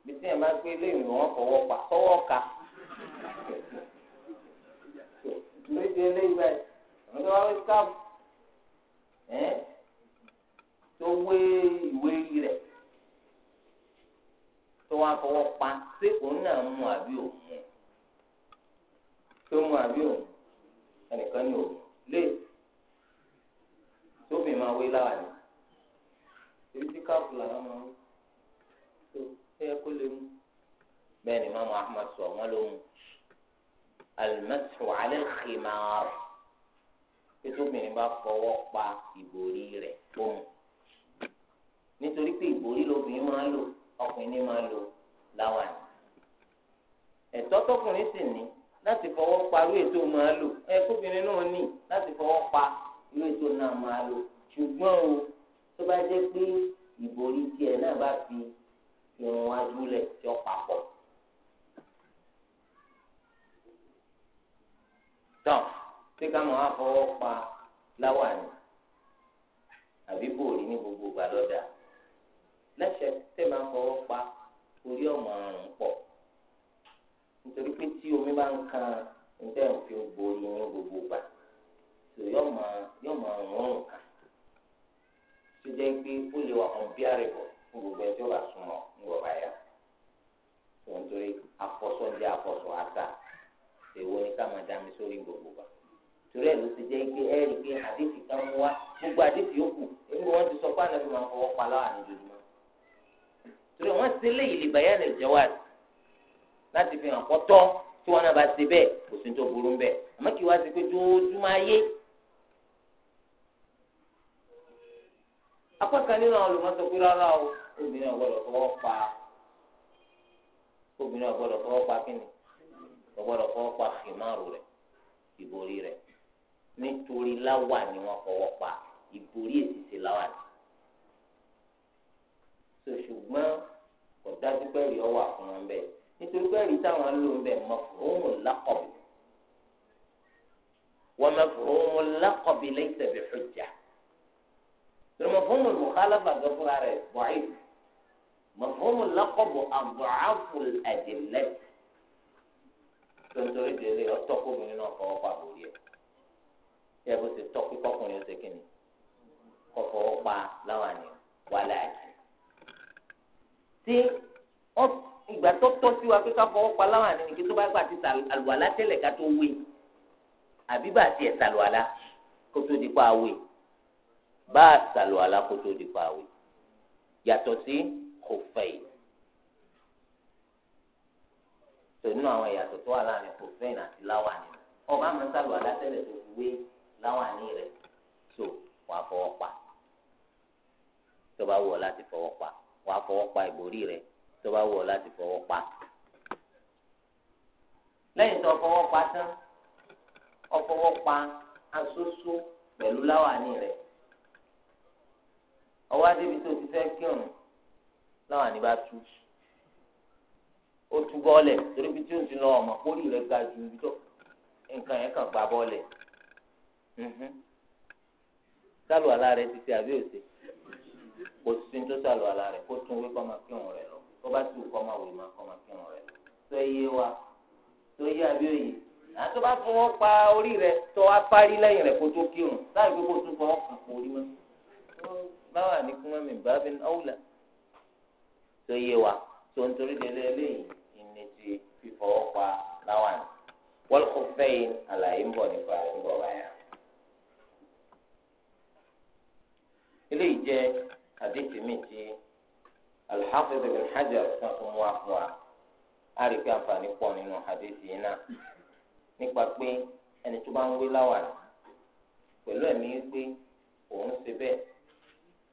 bí tí ẹ máa gbé léyìn lọ́wọ́ fọwọ́ pa tọwọ́ ka lóde eléyìí báyìí wí tómìnrin bá fọwọ́ pa ìbòrí rẹ̀ tó mu nítorí pé ìbòrí lóbìnrin máa ń lò ọkùnrin máa ń lò láwàní ẹ̀tọ́ tọkùnrin sì ní láti fọwọ́ pa irú ètò máa lò ẹ kóbìnrin náà ní láti fọwọ́ pa irú ètò náà máa lò ṣùgbọ́n o tó bá jẹ́ pé ìbòrí tiẹ̀ náà bá fi irun wájú tí ó papọ̀. tán ṣé ká máa fọwọ́ pa láwà ni àbí bòrí ní gbogbo ìgbà lọ́dà lẹ́sẹ̀ tẹ́ máa fọwọ́ pa orí ọmọ ọrụ pọ̀ nítorí pé tí omi bá ń kan níta ẹ̀ fi ní gbogbo ìgbà tó yọ máa rún ọrùn kan tó jẹ́ pé ó lè wà bí fún gbogbo ẹjọ́ bá súnmọ́ ní bàbá yá tó ń torí afọ́sọ́ gbogbo ìgbà. torí ẹ̀ ló ti jẹ́ pé ẹ rí i pé àdéhì kan mú wá gbogbo àdéhì yòókù èmi wọ́n ti sọ pé àná fi máa fọwọ́ pa láwọn àdéjojúmọ́ torí wọ́n ti lé ìlì bàyá ní ìjẹ́wà láti fi hàn pọ́tọ́ tí wọ́n náà bá ti bẹ́ẹ̀ kò sí tó burú bẹ́ẹ̀ àmọ́ kí wá ti pé dójúmọ́ ayé apá kan nínú àwọn olùmọ́tò pé rárá o obìnrin ọ̀gbọ́dọ̀ fọwọ́ pa obìnrin ọ̀gbọ́dọ̀ fọwọ́ pa kíni ọ̀gbọ́dọ̀ fọwọ́ pa fìmáàrù rẹ̀ ìborí rẹ̀ nítorí láwà ni wọ́n fọwọ́ pa ìborí èsìsì láwà ni. sọ ṣùgbọ́n kò dájú pẹ́ẹ́rì ọwà fún wọn bẹ́ẹ̀ nítorí pẹ́ẹ́rì táwọn ń lò ń bẹ̀ mọ fòóhùn lákọ̀bì wọ́n mọ fòóhùn lákọ̀bì lẹ́yìn tẹ̀lé hujja. sọ̀rọ̀ fòóhùn mukhalafa gbọ́ fúnra rẹ̀ bọ̀ọ́yì mọ̀fóhùn lákọ̀bù àbọ̀áfù àdìlẹ́tì. tontorí délé ọtọ́ kóbìnrin náà fọwọ́ pa àbórí ẹ̀ kí ẹ bó ṣe tọ́ pípọ́ kùnrin ó ṣe kí ni kọ̀fọ́ pa láwọn àná wàhálà àjẹ. tí ìgbà tó tọ́ sí wa pé ká fọwọ́ pa láwọn àná nìkí tó bá gbà ti sàlùwàlá tẹ́lẹ̀ ká tó wé àbí bá tiẹ̀ sàlùwàlá kó tó di pa àwé bá sàlùwàlá kó tó di pa àwé yàtọ̀ sí kòfẹ́yì tòun náà àwọn ìyàtọ̀ tó wà láàrin kòfẹ́yì àti láwàní ọba àmọ́ sàlùwàlá tẹ́lẹ̀ tó fi wé láwọn àní rẹ̀ so wà á fọwọ́ pa tó bá wọ̀ láti fọwọ́ pa wà á fọwọ́ pa ìbòrí rẹ̀ tó bá wọ̀ láti fọwọ́ pa. lẹ́yìn tó fọwọ́ pa tán ọ fọwọ́ pa asoso pẹ̀lú láwọn àní rẹ̀ ọwọ́ adébi tó ti fẹ́ kírun láwọn àní bá tú ó tú bọ́ọ̀lẹ̀ torí bí tí ó ti lọ ọmọ kórìí rẹ̀ ibi tó nǹkan yẹn kàn gba bọ́ọ̀lẹ̀. Mm-hmm. sálù àlá rẹ ti ṣe àbí òsè kò sí tó sálù àlá rẹ kó tún wé kọ́ máa kírun rẹ lọ kó bá tù kọ́ máa wè máa kọ́ máa kírun rẹ lọ tó yé wa tó yé àbí òye àá tó bá fọwọ́ pa orí rẹ tó wá parí lẹ́yìn rẹ kó tó kírun láì pé kó tún fọwọ́ kàn kó orí mọ́ báwa ní kí wọ́n mi bá bí ọ́wùlà tó yé wa tó ń torí délé eléyìí ìní ti fífọwọ́ pa láwọn àná wọ́n kò fẹ́yìn àlàyé ń bọ̀ nípa rẹ̀ báyà. eléyìí jẹ́ àdéhùn mi ti al-Hafiz ibn Hajar náà tó mú wa fún wa a rí pé àǹfààní pọ̀ nínú àdéhùn yìí náà nípa pé ẹni tó bá ń wé láwàní pẹ̀lú ẹ̀mí pé òun ṣe bẹ́ẹ̀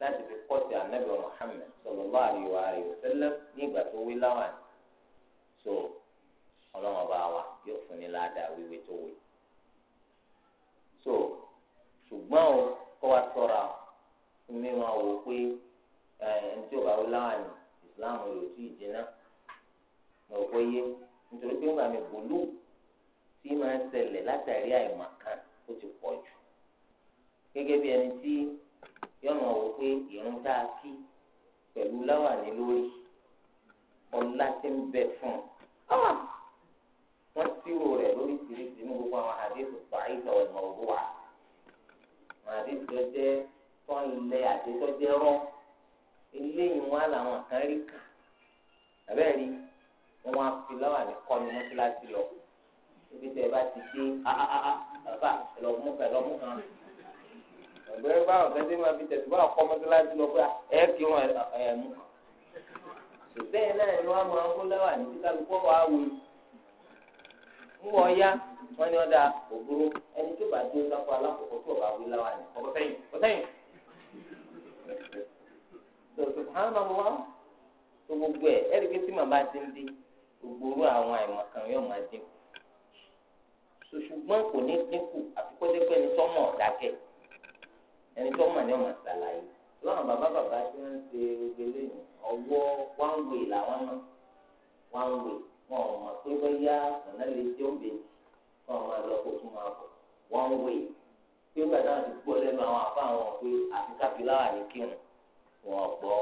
láti fi kọ́sí anabi muhammed sallallahu alayhi wa alayhi wa ní ìgbà tó wí láwọn so ọlọ́run ọba wa yóò fún ni ládàá wíwí tó wí. so ṣùgbọ́n o kọ́ wa sọ́ra mímí wọn wò pé ẹni tí o bá wọ islam rẹ̀ ò tí ì jiná mọ̀ pé yé nítorí pé ńgbà mi bòlú tí máa ń ṣẹlẹ̀ látàrí àìmọ̀kan ti pọ̀ jù gẹ́gẹ́ bí ẹni tí yọ̀nà wò pé tá a kí pẹ̀lú ti ń bẹ fún un ah! wọ́n tírò rẹ̀ lórí tìrìtì ní gbogbo àwọn àdéhùn pàìtọ̀ ọ̀nà òwúwà àwọn àdéhùn tó tọ́ ilẹ̀ àtẹ́tọ́jẹ́ rọ́ eléyìí wọn làwọn kan rí kà abẹ́rẹ́ rí wọn á fi lọ́wọ́ àmì kọ́ ni mọ́tíláṣí lọ ibi tẹ̀ bá ti dé ah, ah, ah, bàbá ẹlọ́mú ẹlọ́mú kan ọ̀gbẹ́rẹ́ bá ọ̀gá tí wọ́n fi tẹ̀sí bá ọkọ́ mọ́tíláṣí lọ pé ẹ kí wọn ẹ̀ mú kan bẹ́ẹ̀ náà ni wọ́n máa ń kó lọ́wọ́ àmì tí kálukú wà á wò ń wọ̀ ya wọ́n ní ọ̀dà òbúrú ẹni tó bá dé sáfọ́ alákòókò tó bá wí lọ́wọ́ àmì ọ̀bọ̀fẹ́yìn ọ̀bọ̀fẹ́yìn tòtò hànà wà tó gbogbo ẹ ẹrí pé tí màmá ti ń di gbogbo àwọn àìmọ̀kan yóò máa dín kù ṣùgbọ́n kò ní dín kù àfi kó dé pé ẹni tó mọ̀ dákẹ́ ẹni tó mọ̀ ni ọmọ ṣàlàyé lọ́nà bàbá bàbá tí wọ́n ń ṣe gbogbo eléyìí ọwọ́ one way làwọn náà one way wọn ò mọ̀ pé bóyá ọ̀nà lè jẹ́ òbí wọn ò máa lọ máa bọ̀ one tí ó gbàdá àti púpọ̀ lẹ́nu àwọn àfa àwọn pé àti kápẹ́láwà ní kírun wọn gbọ́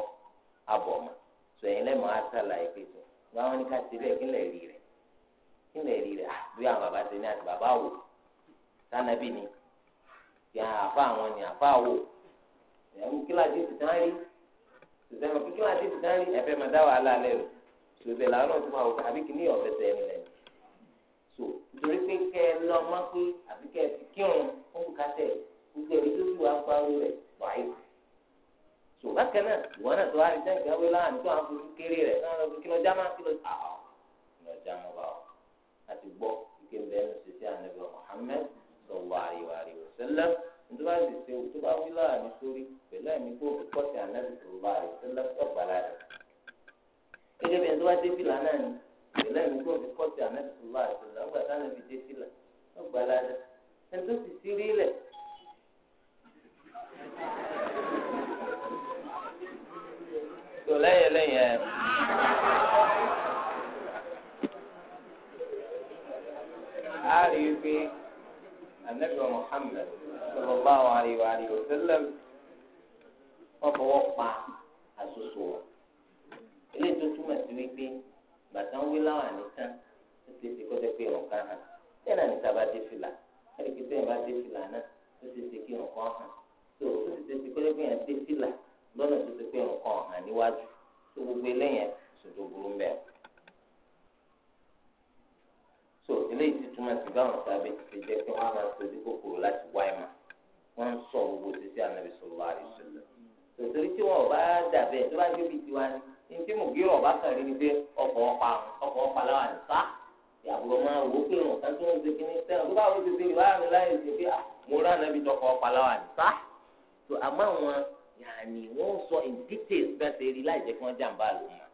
abọ̀mọ̀ sọ̀yìn lẹ́mọ̀ á sàlàyé pé tó wọn àwọn oníkà ti rẹ̀ kílẹ̀ rí rẹ̀ kílẹ̀ rí rẹ̀ bí àwọn bàbá ti ní àti bàbá wò sànàbí ni kí àfa àwọn ni àfa wò ẹ̀mú kíláàsì ti tán rí ìsẹ̀mọ̀ kíláàsì ti tán rí ẹ̀fẹ̀ máa dá wàhálà lẹ́rù ṣùgbọ́n làwọn náà tún máa wò kábíkì ní ọ̀fẹ́sẹ̀ ẹ̀ so nítorí pé kẹ ẹ lọ mọ pé àbí kẹ ẹ ti kírun ó kù kásẹ̀ gbogbo ẹ̀rí tó sì wá ń parí rẹ̀ wáyé so bákan náà ìwọ náà tó wá rí sẹ́yìn ìgbàwé láàánú tó à ń fojú kéré rẹ̀ náà lọ kí lọ já máa kí lọ jà ah, ọ́ ah, lọ já máa bá ọ́ láti gbọ́ ike bẹ́ẹ̀ ní sẹ́sẹ́ ànábì Muhammad sọ̀rọ̀ àríwá àríwá sẹ́lẹ̀ tó bá sì ṣe tó bá wí láàánú sórí pẹ̀lú ẹ̀mí kó o kọ́ sí ànábì sọ̀rọ̀ àríwá sẹ́lẹ̀ tó gbà láàrin. gẹ́gẹ́ bí ẹni tó bá dé fìlà náà ni ìṣẹ̀lẹ̀ mi tó fi kọ́sí àmẹ́sùlùmá àṣìlá ọgbà táwọn fi dé sílẹ̀ ọgbà ládà ẹni tó sì sí rí lẹ̀. tó lẹ́yìn lẹ́yìn ẹ̀. a rí i pé anabi wa Muhammad sallallahu alayhi wa alihi wa sallam wọn fọwọ́ pa àṣoṣo wọn eléyìí tó túmọ̀ sí wípé bàtà ń wí láwọn àníkàn ó ti ṣe kọ́jọ́ pé ìrùn kan hàn bẹ́ẹ̀ náà níta bá dé fìlà ẹ̀rí pé bẹ́ẹ̀ bá dé fìlà náà ó ti ṣe kí ìrùn kan hàn tó ó ti ṣe kọ́jọ́ pé ìrùn dé fìlà lọ́nà tó ṣe pé ìrùn kan hàn níwájú tó gbogbo eléyẹn ṣòdo burú bẹ́ẹ̀. so eléyìí ti túmọ̀ sí báwọn sábẹ́ ti fi jẹ́ pé wọ́n máa ń sojú kòkòrò láti wá ìmọ̀ wọ́n ń sọ gbogbo títí ànábì sallallahu alaihi wasallam tòtòrí tí wọn ò bá dàbẹ̀ tó ntí mo gbé ọba kan rí ni pé ọkọ̀ ọ̀pá ọkọ̀ ọ̀pá láwa ní sá ìyàwó máa wò ó pé wọn kan tó ń ṣe kíní sẹ́wọ̀n tó bá wọ́n ti ṣe ìwà mi láyé ṣe pé mo rán anábì tọkọ̀ ọ̀pá láwa ní sá tó àmọ́ àwọn yàní wọ́n sọ in details bẹ́ẹ̀ ṣe rí láì jẹ́ kí wọ́n jàǹbá lò mọ́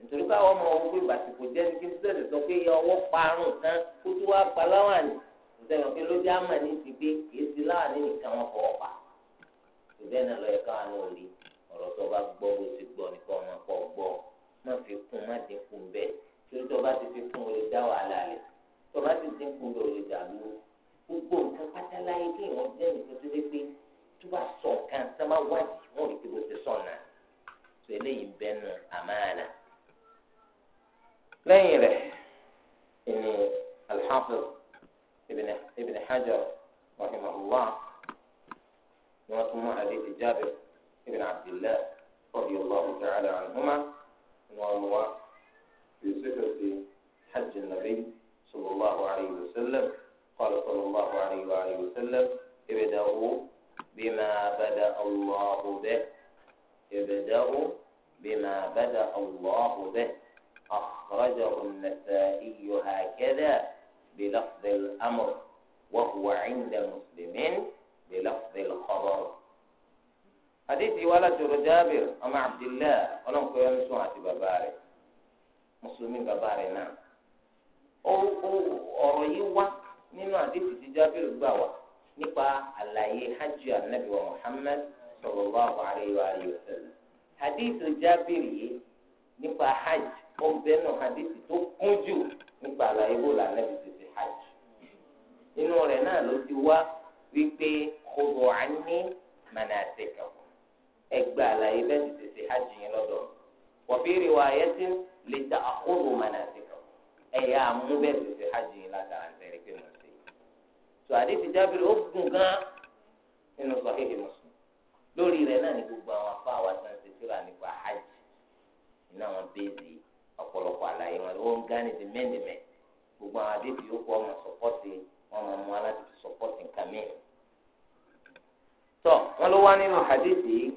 nítorí káwọn ọmọ wọn pé bàtìkò jẹ́ ní kí n sẹ̀sẹ̀ sọ pé iye ọwọ́ parun kan kó tó wá pa láwàní ìṣẹ̀lẹ̀ pé ló já ní ti pé kìí sí ọ̀rọ̀ tó bá gbọ́ bó ti gbọ́ nípa ọmọ pọ̀ gbọ́ má fi kún má dínkù bẹ́ẹ̀ torí tó bá ti fi kún o lè dá wàhálà rẹ̀ tó bá ti dínkù bẹ́ẹ̀ o lè dà lú gbogbo nǹkan pátá láyé kí èèyàn jẹ́ nǹkan tó dé pé tó bá sọ nǹkan tá má wájú wọn rí pé ti sọ náà tó eléyìí bẹ́nu àmàlà. lẹ́yìn rẹ̀ ìní alḥafiz ibn hajar rahimahullah ni wọ́n tún mú àdéhùn jábẹ̀rẹ̀. ابن عبد الله رضي الله تعالى عنهما وهو في صفة حج النبي صلى الله عليه وسلم قال صلى الله عليه وآله وسلم ابدأوا بما بدأ الله به ابدأوا بما بدأ الله به أخرجه النسائي هكذا بلفظ الأمر وهو عند مسلم بلفظ الخبر àdéhìí wàhálà tòrò jábìr ọmọ abdullah ọlọ́nkọ yẹn sùn àti bàbá rẹ̀ mùsùlùmí bàbá rẹ̀ náà ọ̀rọ̀ yìí wá nínú àdéhìí tí jábìr gbà wá nípa àlàyé hajj anabi wa muhammad sallallahu alayhi wa alihi wa sallam àdéhìí jábìr yìí nípa hajj ó ń bẹ́ẹ̀ náà àdéhìí tó kún jù nípa àlàyé bó la anabi ti ti hajj nínú rẹ̀ náà ló ti wá wípé kòbò ánì mànà àtẹkọ̀ọ́ ẹgbẹ́ àlàyé bẹ́ẹ̀ ti tètè hajj yẹn lọ́dọ̀ wa fi riwayatin li ta'khudhu manasikakum ẹ̀yà àmú bẹ́ẹ̀ ti tètè hajj yẹn látara ń tẹ̀lé pé wọ́n ti. tó àdéhùn jábìrì ó gùn gan nínú Sahihi Muslim lórí rẹ̀ náà ní gbogbo àwọn afọ àwọn àti àti tíra nípa hajj iná wọn bẹ́ẹ̀sì ọ̀pọ̀lọpọ̀ àlàyé wọn ó ń gánì ti mẹ́ndìmẹ́ gbogbo àwọn àdéhùn yòókù ọmọ sọ̀pọ̀tì wọn máa mú aláàtì sọ̀pọ̀tì nǹkan tọ́ wọn ló wá nínú hadithi yìí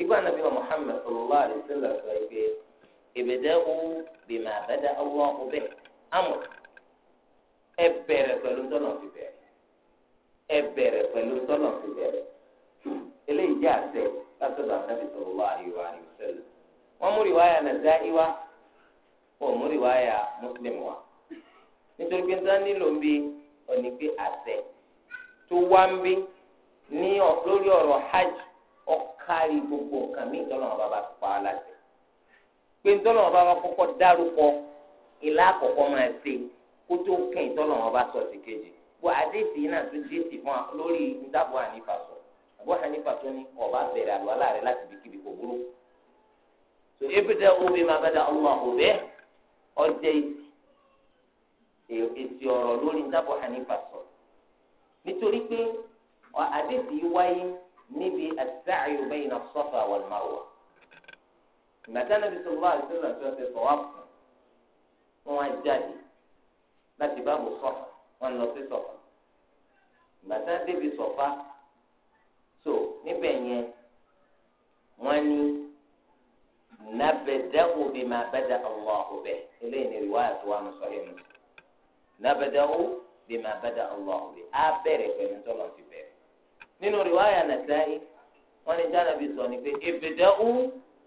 ìgbà nàbí wa Muhammad sallallahu alayhi wa sallam sọ pé ibda'u bima bada'a Allahu bihi amọ̀ ẹ bẹ̀rẹ̀ pẹ̀lú tọ́nà fi bẹ̀rẹ̀ ẹ bẹ̀rẹ̀ pẹ̀lú tọ́nà fi bẹ̀rẹ̀ eléyìí jẹ́ àṣẹ látọ̀dọ̀ sallallahu alayhi wa sallam Muslim wa nítorí pé nílò ń pé àṣẹ hajj ọ̀kárí gbogbo ọ̀kan mí ìtọ́lọ́wọ́n bá bá pa á láti. pé ìtọ́lọ́wọ́n bá wá kọ́kọ́ dárúkọ ìlà àkọ́kọ́ máa ṣe kó tó kẹ́ ìtọ́lọ́wọ́n bá sọ sí kejì. bó àdéhìí náà tún déètì fún wa lórí ìdábò ànífà sọ àbó ànífà tó ní ọ̀bá bẹ̀rẹ̀ àlọ́ aláàrẹ láti bí kíbi kò burú. so ebèdè omi máa bẹ́ẹ̀ ọlọ́ òbẹ́ ọjẹ́ èsì ọ̀rọ̀ lórí ìdábò ànífà sọ nítorí pé àdéhìí wáyé níbi as-sa'y bayna as-safa wal-marwa ìgbàtà nàbí sallallahu alaihi wasallam tí wọ́n ti sọ wá fún wọn wá jáde láti bá bò sọfà wọn lọ sí sọfà ìgbàtà débi sọfà so níbẹ̀ yẹn wọ́n ní nabda'u bima bada'a Allahu bihi eléyìí ni riwaya tó wà ní sọ́yìn nù nabda'u bima bada'a Allahu bihi á bẹ̀rẹ̀ pẹ̀lú tọ́lọ̀ nínú riwaya Nasa'i wọ́n ní jáde bí sọ ni pé ibda'u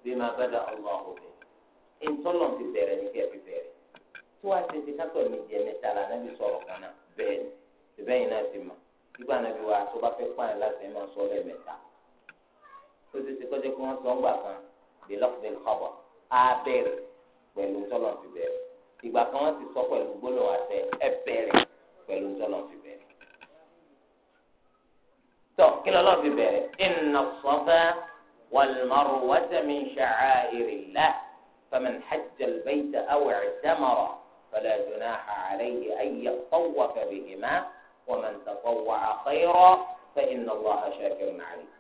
bima bada Allahu bi ìtọ́lọ̀ ti bẹ̀rẹ̀ ní kẹ́ẹ̀ fi bẹ̀rẹ̀ tó wá ti ti kápẹ́ mi jẹ mẹ́ta la náà bí sọ̀rọ̀ kan náà bẹ́ẹ̀ ni ìbẹ́ yìí náà ti mọ̀ nígbà náà bí wà tó bá fẹ́ pààyàn láti máa sọ lẹ́ẹ̀mẹ́ta tó ti ti kọ́jọ́ kí wọ́n sọ ńgbà kan bí lọ́kùnrin kọ̀bọ̀ á bẹ̀rẹ̀ pẹ̀lú ìtọ́lọ̀ ti bẹ̀rẹ̀ ìgbà kan wọ́n ti sọ pẹ̀lú gbólóhùn tó kí lọ́lọ́ fi bẹ̀rẹ̀ inna safa wal marwata min sha'airillah faman hajja albayta aw i'tamara fala junaha alayhi an yatawwafa bihima wa man tatawwa'a khayran fa inna allaha shakirun alim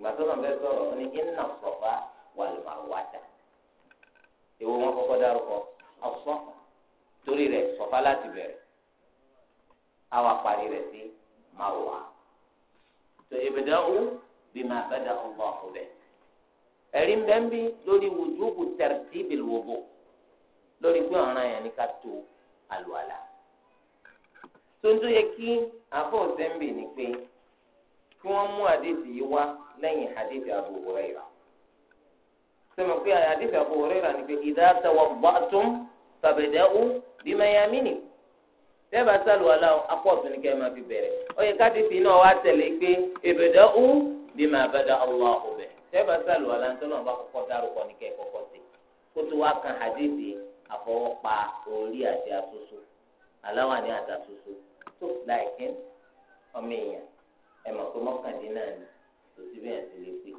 gbàtọ́ náà bẹ sọ̀rọ̀ ní inna safa wal marwata ìwọ wọn kọ́kọ́ dárúkọ ọ̀sán torí rẹ̀ sọ̀fà láti bẹ̀rẹ̀ àwa parí rẹ̀ sí màwá. tó ibda'u bima bada Allahu bih ẹ̀rí ń bẹ́ẹ̀ bí lórí wujubu tartibil wudu lórí pé ọ̀ràn yẹn ni ká tó àlùwàlà tonto yẹ kí afọ sẹ́ńbì ni pé kí wọ́n mú àdéhùn yìí wá lẹ́yìn àdéhùn Abu Huraira sọmọ pé àdéhùn Abu Huraira ni pé idha tawabba'tum fabda'u bimayaminikum tẹ́ẹ̀bà sálùwàlà apọ̀ ọ̀tún ni kẹ́ ẹ máa fi bẹ̀rẹ̀ ó yẹ ká tètè náà wá tẹ̀lé pé ìbẹ̀dẹ̀ ó bí máa bẹ̀dẹ̀ ọlọ́ ọ̀bẹ̀ tẹ́ẹ̀bà sálùwàlà tó náà bá kọ́kọ́ dárúkọ ní kẹ́ ẹ kọ́kọ́ sí kó tó wá kan hadithi àfọwọ́pa orí àti àtúnṣe aláwà ní àtàtúnṣe tó láìkín ọmọ èèyàn ẹ mọ̀ pé mọ́kàndínláà ni kò sí bẹ́ẹ̀ ti lè pé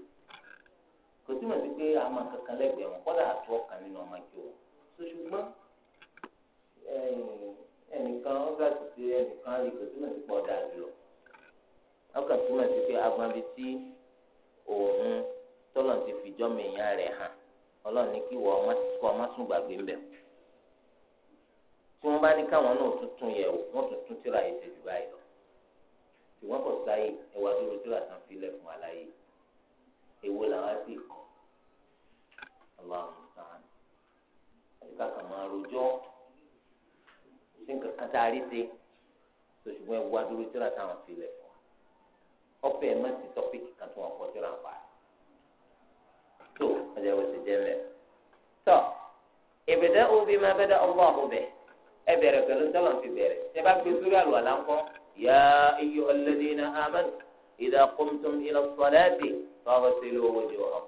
kò túmọ̀ sí pé àmọ́ kankan lẹ́gbẹ̀ẹ́ wọn kọ́dà àtúwọ̀ kan nínú ọmọ ìjọ wọn ṣùgbọ́n ẹnìkan ó gbà títí ẹnìkan rí kò túmọ̀ sí pọ̀ dàbí lọ ọkà túmọ̀ sí pé agbanbi tí òun tọ́lọ̀ ti fìjọ́ mi ìyá rẹ̀ hàn ọlọ́run ní kí wọ́n kọ́ ọmọ sùn gbàgbé ń bẹ̀ tí wọ́n bá ní káwọn náà tuntun yẹ̀ wò wọ́n tuntun tíra yìí ṣe jù báyìí lọ ṣùgbọ́n kò sáyè ẹwà tó rojú rà tán filẹ̀ fún aláyé èwo làwọn sì kọ́ ọlọ́run sàn án àti káàkà máa rojọ́ sí nǹkan kan tá a rí ṣe ṣùgbọ́n ẹ wá dúró tíra táwọn fi lẹ̀ fún wa ọ̀pẹ ẹ̀ má ti tọ́pìkì kan tó wọn kọ́ tíra pa tó ọjà wo ti jẹ́ mẹ́. tọ́ ìbẹ̀dẹ̀ òbí máa bẹ̀dẹ̀ ọwọ́ àbúbẹ̀ ẹ bẹ̀rẹ̀ pẹ̀lú tọ́lọ̀ fi bẹ̀rẹ̀ ẹ bá gbé sórí àlùwà láńkọ́ yá iyọ̀ ọ̀lẹ́dínà amẹ́nu ìdá kọ́mtọ́m ilẹ̀ sọ̀lẹ́ẹ̀tì fáwọn sílẹ̀ owó jù ọ́.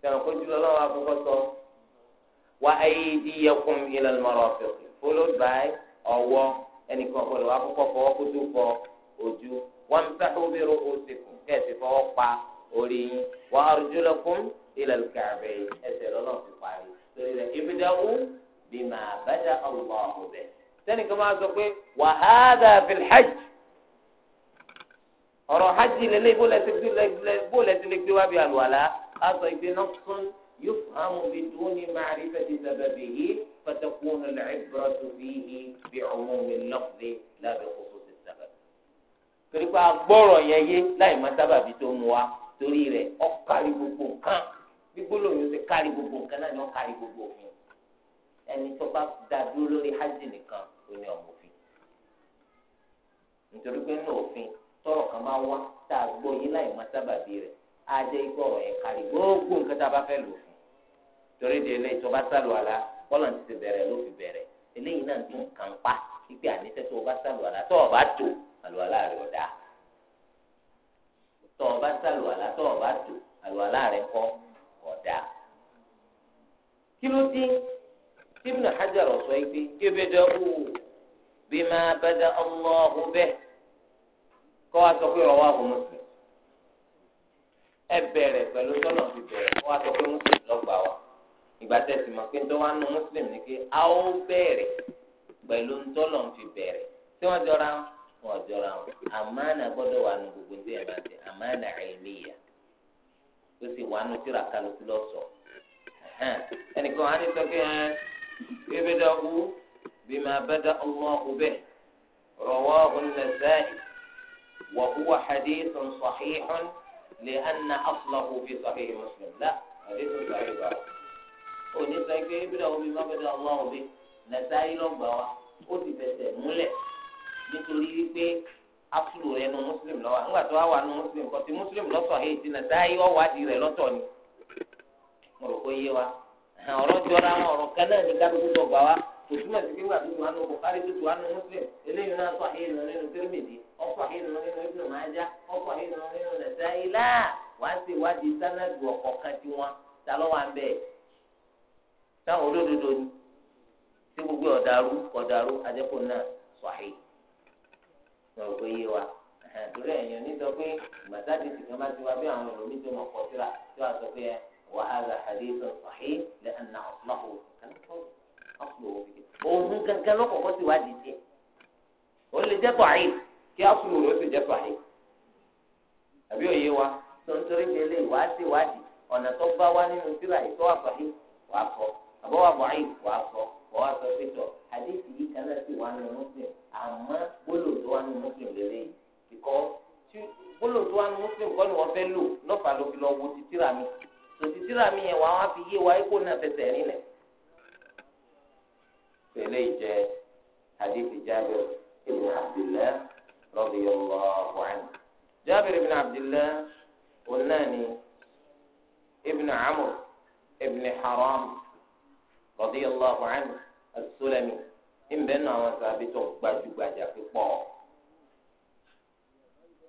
sẹ́wọ̀n kó jùlọ lọ́wọ́ àkọ́kọ́ sọ wá ayé ìdíyẹkùn ilẹ̀ mọ́rọ̀ fẹ́ẹ́ followed by ọwọ́ ẹnìkan ọ̀gbọ́dọ̀ wá kọ́kọ́ fọwọ́ kó tó fọ ojú wọ́n ń sáfẹ́ obìnrin ó ti kù kẹ́ẹ̀sì fọwọ́ pa orí yín wọ́n arjulakum ila al-ka'bayn ẹsẹ̀ lọ́nà ti parí torí rẹ̀ ibda'u bima bada'a Allahu bih sẹ́nìkan máa sọ pé wa hadha fil hajj ọ̀rọ̀ hajj lélẹ̀ bó lè gbé wá bí alùwàlá á sọ ìgbé náà fún yóò fún àwọn tó ní ma'rifati sababihi. فتكون العبرة فيه بعموم اللفظ لا بخصوص السبب torí pé agbọ́rọ̀ yẹn yé láì má sábàbí tó mu wa torí rẹ̀ ó kárí gbogbo nǹkan gbígbóló yóò ṣe kárí gbogbo nǹkan náà ni ó kárí gbogbo òfin ẹni tó bá dá dúró lórí hajj nìkan ó ní ọmọ òfin nítorí pé nínú òfin tọ̀rọ̀ kan máa wá tá a gbọ́ yín láì má sábàbí rẹ̀ á jẹ́ igbó ọ̀rọ̀ yẹn kárí gbogbo nǹkan tá a bá fẹ́ lò fún torí de ilé ìtọ́ bá sálò àlá bọ́lá ti ti bẹ̀rẹ̀ ló fi bẹ̀rẹ̀ eléyìí náà ti nǹkan pa ipe àníṣe tó o bá sàlùwàlá tó o bá tò ọ̀dà tó o bá o bá tò kọ́ ọ̀dà. kí ló dé ibùdó hajar ọ̀sọ́ ipe kébédé bí máa ọmọ ọ̀hún bẹ́ẹ̀ kọ́ ìgbà tẹ̀ sì mọ̀ pé ń tọ́wọ́ nù mùsùlùmí ni pé a ó bẹ̀rẹ̀ pẹ̀lú ń tọ́lọ̀ ń fi bẹ̀rẹ̀ tí wọ́n jọra wọn jọra wọn àmàna gbọ́dọ̀ wà nù gbogbo ní ẹ̀rọ àti àmàna àìníyà tó sì wà nù tíra kálukú lọ́sọ̀ ẹnìkan á ní sọ pé ẹ bẹ́dà wú bí máa bẹ́dà ọmọ ọbẹ̀ rọwọ́ ọ̀nẹ́sẹ̀ وهو حديث صحيح لأن أصله في صحيح مسلم لا حديث صحيح بارك. òní sọ pé bídà omi má bẹ́ẹ̀ ọlọ́ òbí nàìjíríà lọ́gbà wa ó ti fẹsẹ̀ múlẹ̀ nítorí wípé afúlù rẹ̀ nu mùsùlùmí lọ́wọ́ nígbà tó wà nu mùsùlùmí kọ́ ti mùsùlùmí lọ́sọ̀ ti lọ́tọ̀ ni mo rò wa ọ̀rọ̀ ọ̀rọ̀ kan náà ní wa kò túmọ̀ sí pé wà tó wà nù bùkárí tó wà nù mùsùlùmí táwọn olódodo ni tí gbogbo ọdaru ọdaru àjẹkù náà sọ̀hí lọ pé yé wa torí ẹ̀yàn ní pé gbàtàdé ti kan bá ti wá bí àwọn ẹlòmíín tó mọ̀ pọ̀ síra tí wàá sọ pé sọ̀hí òun lọ́kọ̀ọ́kọ́ wá ó lè jẹ́ kí àbọ̀wá bọ̀ọ́yì wàá sọ wàá sọ pé tọ̀ àdéhùn yìí kan náà sì wà nínú muslim àmọ́ gbólóhùn tó wà nínú muslim lélẹ̀ yìí kíkọ́ tí gbólóhùn tó wà nínú muslim kọ́ ni wọ́n fẹ́ lò lọ́fà ló fi lọ wo títíra mi tò títíra mi yẹn wàá wá fi yé wa ikú náà fẹsẹ̀ rìn tẹ̀lé ìjẹ́ àdéhùn Jabir ibn Abdillah radiyallahu anhu Jabir ibn Abdillah onáni ibn Amr ibn Haram. radiyallahu anhu as-Sulami ńbẹ nù àwọn sàbí tó gbajúgbajà pípọ̀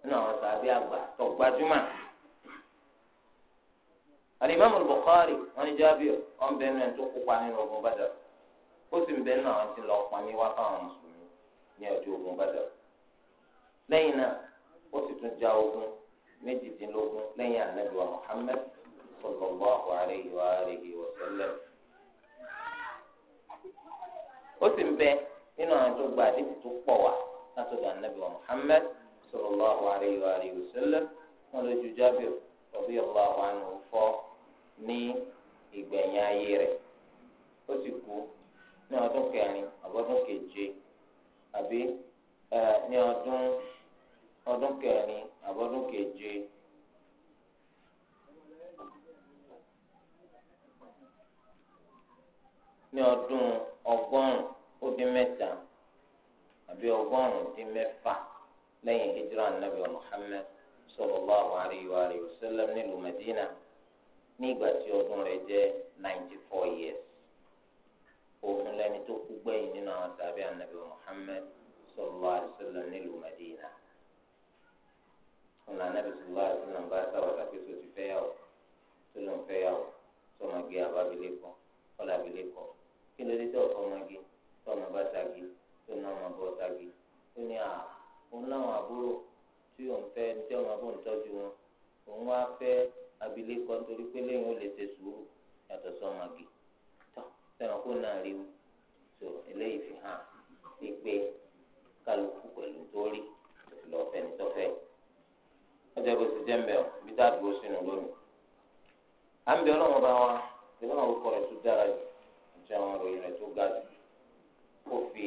gbaju àwọn sàbí àgbà tó gbajúmọ̀ alimami wọn ni Jabir wọn bẹ nù ẹni tó kópa nínú ogun Badr ó sì ń bẹ nù àwọn tí lọ pa ní wákà àwọn mùsùlùmí ní ọjọ́ ogun lẹ́yìn náà ó sì ó sì ń bẹ nínú àwọn tó gba àdéhùn tó pọ̀ wá látọ̀dọ̀ wa Muhammad sallallahu alayhi wa alihi wa sallam wọn ló ju ọlọ radiyallahu anhu fọ́ ní ìgbẹ̀yìn ayé rẹ̀ ó sì kú ní kẹrin àbọ̀dún àbí keje. ní ọdún ọgọ́rùn ó dín mẹ́ta àbí ọgọ́rùn dín mẹ́fà lẹ́yìn hijira anabi muhammed sallallahu alayhi wa alihi wa sallam nílùú medina ní tí ọdún ninety four years òun lẹni tó kú nínú àwọn anabi muhammed nílùú medina anabi bá sọ ti kí ló dé tó ọkọ ọmọge tó ọmọ bá ṣagi tó ní ọmọ bọ ṣagi tó ní à òun láwọn àbúrò tí òun fẹ́ tí ọmọ bò ń tọ́jú wọn òun wá fẹ́ abilékọ nítorí pé lẹ́yìn ó lè ṣe sùúrù yàtọ̀ sọmọge tó sẹ́wọ̀n kó náà rí wọn tó eléyìí fi hàn sí pé kálukú pẹ̀lú torí lọ́fẹ̀ẹ́ nítọ́fẹ́ ọjọ́ bó ti jẹ́ mbẹ́ bí tá a dúró sínú lónìí à ń bẹ ọlọ́run bá wa ìlú àwọn orúkọ rẹ̀ tó dára jù tí àwọn ìròyìn rẹ̀ tó ga jù kó fi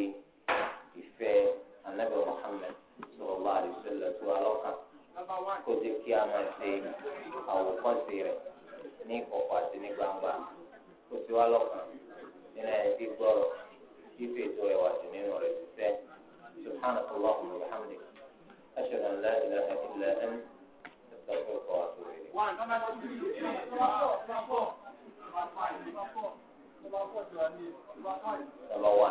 ìfẹ́ anabi muhammed sallallahu alaihi wasallam tó alọ́kàn kó jẹ́ kí a máa ṣe àwòkọ́ṣe rẹ̀ ní ìkọ̀kọ̀ àti ní gbangba kó ti wá lọ́kàn nínú ẹni tí gbọ́rọ̀ kí fètò rẹ̀ wà sí nínú rẹ̀ ṣiṣẹ́ subhanahu wa rahmatulahi ashhadu an la ilaha illa anta astaghfiruka wa atubu ilayk ọlọ́wà.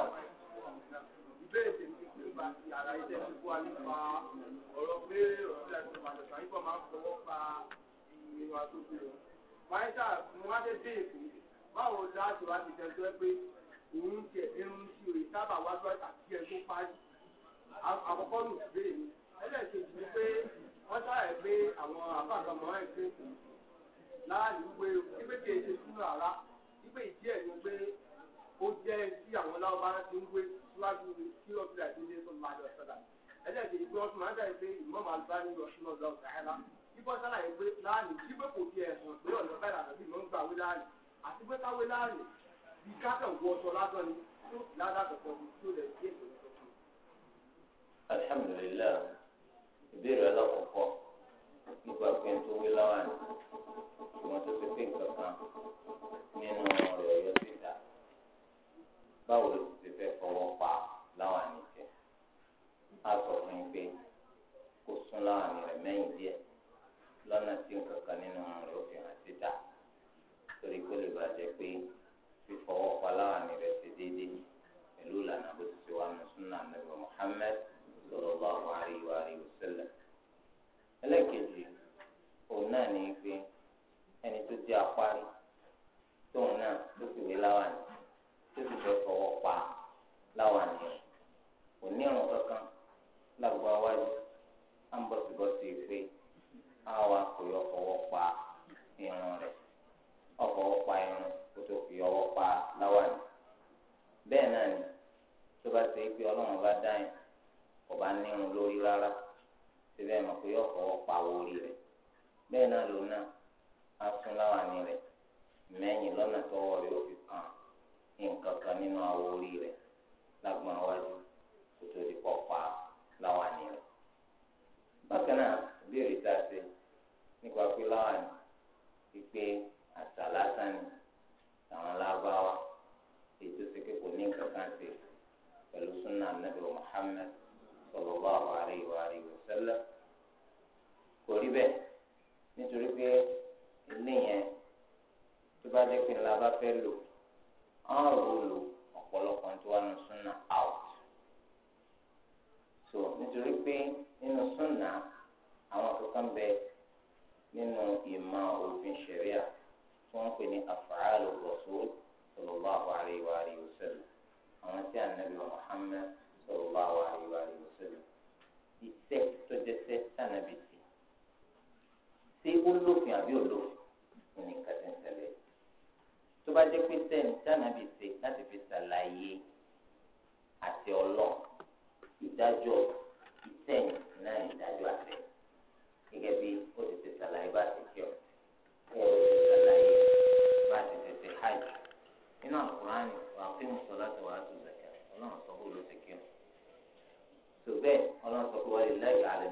ìbéèrè tèmi ti ń bá ti ara iṣẹ́ ti kó wa nípa ọ̀rọ̀ pé ọ̀rọ̀ ti máa tẹ̀sán yíbọn máa ń fọwọ́ pa ìrìn àjò tó lọ. máyísà mo wá dé béèrè pé báwo láti wá ti tẹ̀sán ẹ pé òun jẹ irun tí o sábà wá sọ àti ẹ tó parí. àkọ́kọ́ ló ti béèrè ẹlẹ́ẹ̀kejì ni pé wọ́n sáré pé àwọn àbá àgbàmọ́ ẹ̀ pé láàyè wípé kí pé kí ẹ ṣe sínú àrà pè díẹ̀ ni pé ó jẹ́ tí àwọn láwọn bá ti ń gbé síwájú kí wọ́n fi àti ilé tó máa lọ sọ́dà ẹlẹ́dẹ̀ẹ́ ìgbé wọn tún máa ń dàbí pé ìmọ̀ọ́mọ̀ alùbáni ọ̀ṣun náà lọ sàhálà bíbọ́ sálàyé pé láàánú kí pé kò fi ẹ̀sùn pé ọ̀nà bẹ́ẹ̀ àbí mọ̀ ń gbà wé láàánú àti pé káwé láàánú bí káfẹ́ wọ ọ̀ṣọ́ lásán ni tó ládàkọ̀kọ̀ bí tó lẹ̀ sí èdè ọ̀ṣọ́ fún alhamdulilayi ìbéèrè alákọ̀ọ́kọ́ nípa pé ń tó wé láwàní ìwọ̀n tó ti pé kankan nínú rẹ̀ yọ síta báwo ló ti ti fẹ́ fọwọ́ pa láwọn àníjẹ á sọ fún yín pé kó sún láwọn àmì rẹ̀ mẹ́yìn díẹ̀ lọ́nà tí nǹkankan nínú rẹ̀ ó fi hàn síta torí kó lè bàjẹ́ pé fífọwọ́ pa láwọn àmì rẹ̀ ti déédéé pẹ̀lú ìlànà bó ti ti wà ní sunnah Nabi Muhammad sallallahu alaihi wa alihi wasallam ẹlẹ́kejì òun náà ní pé. ẹni tó di apárí tóun náà tó sì wé láwàní tó sì fẹ́ fọwọ́ pa láwàní rẹ̀ kò ní ọ̀rùn kankan lágbo awájú ń pé kò yọ fọwọ́ pa irun rẹ̀ ọ̀fọwọ́ pa irun kó tó fi ọwọ́ pa bẹ́ẹ̀ náà ni tó bá ṣe pé ọlọ́run bá dá yẹn kò bá nírun lórí rárá síbẹ̀ mọ̀ pé pa orí rẹ̀ asúnláwà ní rẹ̀ mẹ́yìn lọ́nà tọwọ́ rẹ̀ ó fi kàn nǹkan kan nínú awọ orí rẹ̀ lágbọn awájú kó tó di pa láwà ní rẹ̀. bákan náà ìbéèrè tá a ṣe nípa pé láwà ní pípé àṣà lásán ni àwọn lábáwá ètò ìsìnkú kò ní nǹkan kan ṣe pẹ̀lú sunnah nabi muhammed sallallahu alayhi wa sallam kò rí bẹ́ẹ̀ nítorí pé eléyẹn tó bá jẹ́ pé ńlá bá fẹ́ lò ọ̀n rò lò ọ̀pọ̀lọpọ̀ tó wà ní súnà out so nítorí pé nínú súnà àwọn kankan bẹ nínú ìmọ̀ òfin ṣẹ̀ríà tí wọ́n pè ní af'alu rasul sallallahu alayhi wa alihi wa àwọn tí ànábì wa Muhammad sallallahu alayhi wa alihi tó jẹ́ sẹ́ tànàbì sí ṣé àbí ò nínú nǹkan tí ń ṣẹlẹ̀ tó bá jẹ́ pé sẹ́ni sáànà bìí ṣe láti fi ṣàlàyé àti ọlọ́ ìdájọ́ ìsẹ́yìn náà ìdájọ́ àfẹ́ gẹ́gẹ́ bí ó ti ṣe ṣàlàyé bá ti kí ọ ó ti ṣàlàyé bá ti ṣe ṣe hajj nínú àkùránì wà á fi mùsọ̀láṣọ wà á tún zàkà ọlọ́run sọ fún olóṣè kí ọ tó bẹ́ẹ̀ ọlọ́run sọ fún wa lè láyé àlẹ́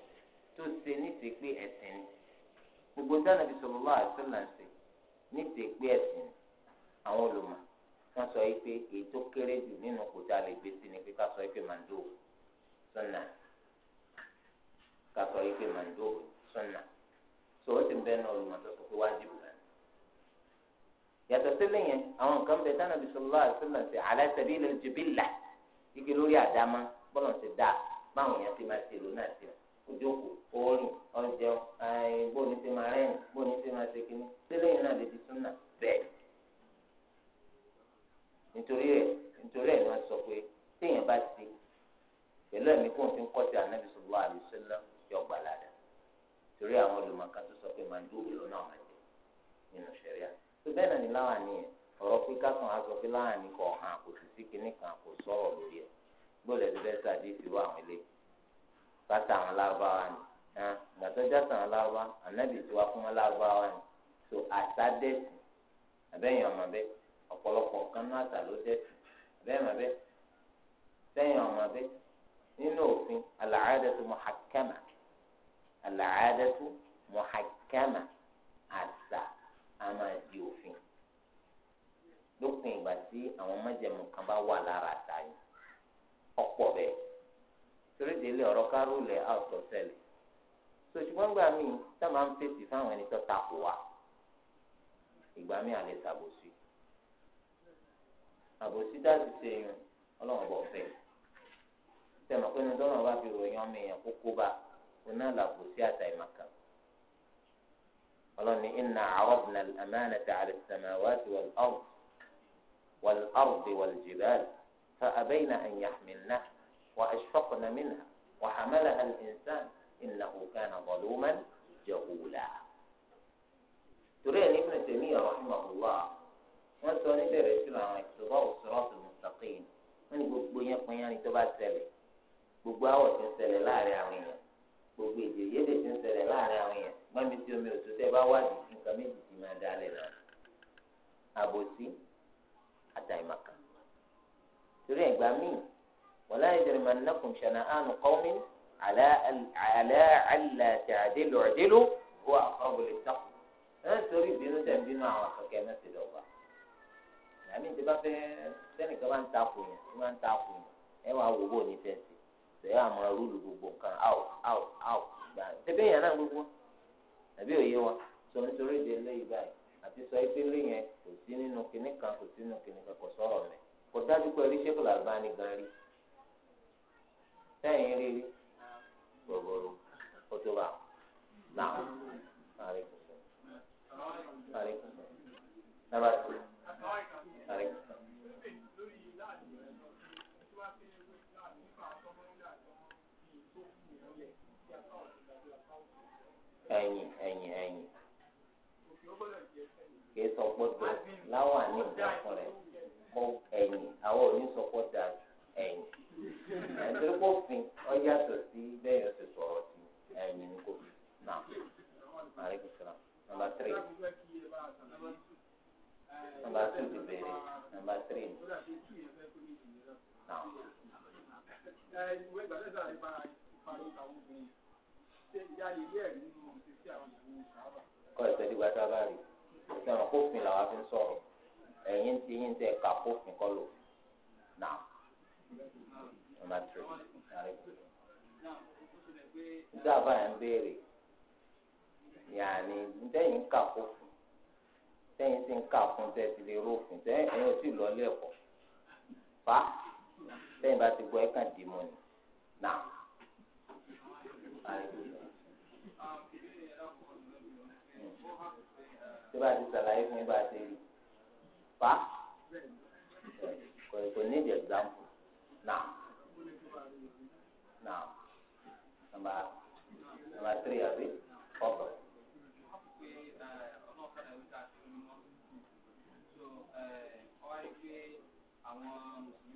tó ṣe ní ti pé ẹ̀sìn ni gbogbo dáná bí sọlọ́lá àṣọlá ṣe ní ti pé ẹ̀sìn ni àwọn olùmọ̀ wọ́n sọ yìí pé èyí tó kéré jù nínú kò tá a lè gbé sí ni pé ká sọ yìí pé màndó sọ̀nà ká sọ yìí pé màndó sọ̀nà sọ wọ́n ti bẹ́ẹ̀ náà olùmọ̀ tó sọ pé wájibù náà yàtọ̀ sílẹ̀ yẹn àwọn nǹkan bẹ tánà bí sọlá àṣọlá ṣe ala sabil al-jibilla igi lórí àdámá bọ́lọ̀ ti dá báwọn yẹn ti máa ṣe lónà sí ọ ojoko orin ọjọ ẹ bóni ti máa rẹ bóni ti máa segin sílẹ̀ yìí náà lè di súnà bẹ́ẹ̀ nítorí ẹ nítorí ẹ ni wọn sọ pé téèyàn bá ti pẹ̀lú ẹ̀mí kó n fi kọ́ sí anabi sọlọ àdìsọlọ yọ gbalada torí àwọn olùmọ̀ọ́ká tó sọ pé màá dúró lọ́nà àwọn ẹ̀jẹ̀ nínú sẹ̀ríà tó bẹ́ẹ̀ náà ni láwọn àníyàn ọ̀rọ̀ pé kákan aṣọ pé láwọn àníkọ̀ hàn kò sì sí kinní kan kò sọ̀rọ̀ lórí ẹ̀ gbọ́dọ̀ ti bẹ́ẹ̀ sàdí ìfìwọ́ àwọn eléyìí bàtà àwọn lárúbáwá ni gbàtọ́jà sàn án lárúbá ànábì tí wàá fún wọn lárúbáwá ni tó àṣà dẹ́sì àbẹ́yìn ọmọ bẹ́ẹ̀ ọ̀pọ̀lọpọ̀ kan náà àṣà ló dẹ́sì àbẹ́yìn ọmọ bẹ́ẹ̀ sẹ́yìn ọmọ bẹ́ẹ̀ nínú òfin al-aadatu muhakkama al-aadatu muhakkama àṣà a máa di òfin lópin ìgbà tí àwọn májẹ̀mú kan bá wà lára àṣà yìí ọ̀pọ̀ bẹ́ẹ̀ torí délé ọ̀rọ̀ kárò lẹ̀ àwùjọ sẹ́lẹ̀ so ṣùgbọ́n gbà mí tá máa ń fèsì fáwọn ẹni tó takò wá ìgbà mí àlè sàbòsí àbòsí dájú sí ẹyìn ọlọ́run bọ̀ fẹ́ tẹ̀mọ̀ pé ní tọ́lọ́run bá fi ròyìn ọmọ èèyàn kókó bá oná làbòsí àtà ìmàkà ọlọ́ni inna àrọ́bìnà àmàlẹ̀tà àlẹ̀sàmáwáàtì wàlọ́ọ̀rù wàlọ́ọ̀rù wàlọ́jìbáàlì fa àbẹ́yìn àyàmìnà. وأشفقن منها وحملها الإنسان إنه كان ظلوما جهولا ترين ابن تيمية رحمه الله wọ́n sọ níbẹ̀ rẹ̀ sílẹ̀ àwọn ìṣòro òṣòrọ́ọ̀tò mùsàkìn wọ́n ní gbogbo yẹn pín yẹn ni tó bá ṣẹlẹ̀ gbogbo àwọ̀ tó ń ṣẹlẹ̀ láàrin àwọn èèyàn gbogbo èdè yédè tó ń ṣẹlẹ̀ láàrin àwọn èèyàn gbọ́nmi tí omi òtún tẹ́ bá wádìí nǹkan méjì ti máa dalẹ̀ náà àbòsí àtàìmọ̀kà torí ẹ̀gbá míì wala yajrimannakum shana'anu qawmin ala ala alla ta'dilu i'dilu huwa aqrabu lit-taqwa ẹ torí ìbínú tẹ̀ ń bínú àwọn akẹ́kẹ́ náà ti dọ̀gba àmì tí bá fẹ́ sẹ́nìkan bá ń ta kù yẹn tí wọ́n ń ta kù yẹn ẹ wàá wò bó ní fẹ́ sí sẹ́yìn àmọ́ rúlù gbogbo nǹkan áwò áwò áwò gbà tẹ́bẹ́ yẹn náà gbogbo àbí òye wa sọ nítorí ìdè lẹ́yìn báyìí àti sọ ife lé yẹn kò sí nínú kinní kan kò sí nínú kinní kan kò sọ̀rọ̀ mẹ́ kò dájú pé rí sẹ́kù làbá ní gan rí sẹ́yìn rírí gbogbooro ó tó bá náà sáré kùsùn sáré kùsùn nàbà tó sáré kùsùn. ẹ̀yìn ẹ̀yìn ẹ̀yìn kì í sọ gbọdọ láwọn àníjọ fún rẹ kó ẹ̀yìn àwọn ò ní sọ gbọdọ ẹ̀yìn ẹ̀sìn pòfin ọ̀yàtọ̀ sí bẹ́ẹ̀ ọ̀sẹ̀ sọ̀rọ̀ sí ẹ̀yìn ní kò náà maaleykum salaam number three number two ti bẹ̀rẹ̀ number three ni. kọ́ ẹ̀sẹ̀ dìgbà tá a bá rí ìṣẹ̀wọ̀n kófin làwọn fi ń sọ̀rọ̀ ẹ̀yìn tí yín tẹ̀ ká kófin kọ́ lò náà. Number three. Nígbà báyà ń béèrè, yàní ntẹ́yìn ń kà kó fún, tẹ́yìn sì ń kà fún tẹ́ ti lè rófin, tẹ́yìn ẹ̀yìn ò sì lọ lẹ́kọ̀ọ́. Fa tẹ́yìn bá ti gbọ́ ẹ̀ kàn dì mọ́ ni. Nà. Tí bá ti sàlàyé fún yín bá ti Fa kò ní ìdí ẹ̀gbáǹpù. Now. Now. Number number three àbí fọ́bọ̀. Àwọn mùsùlùmí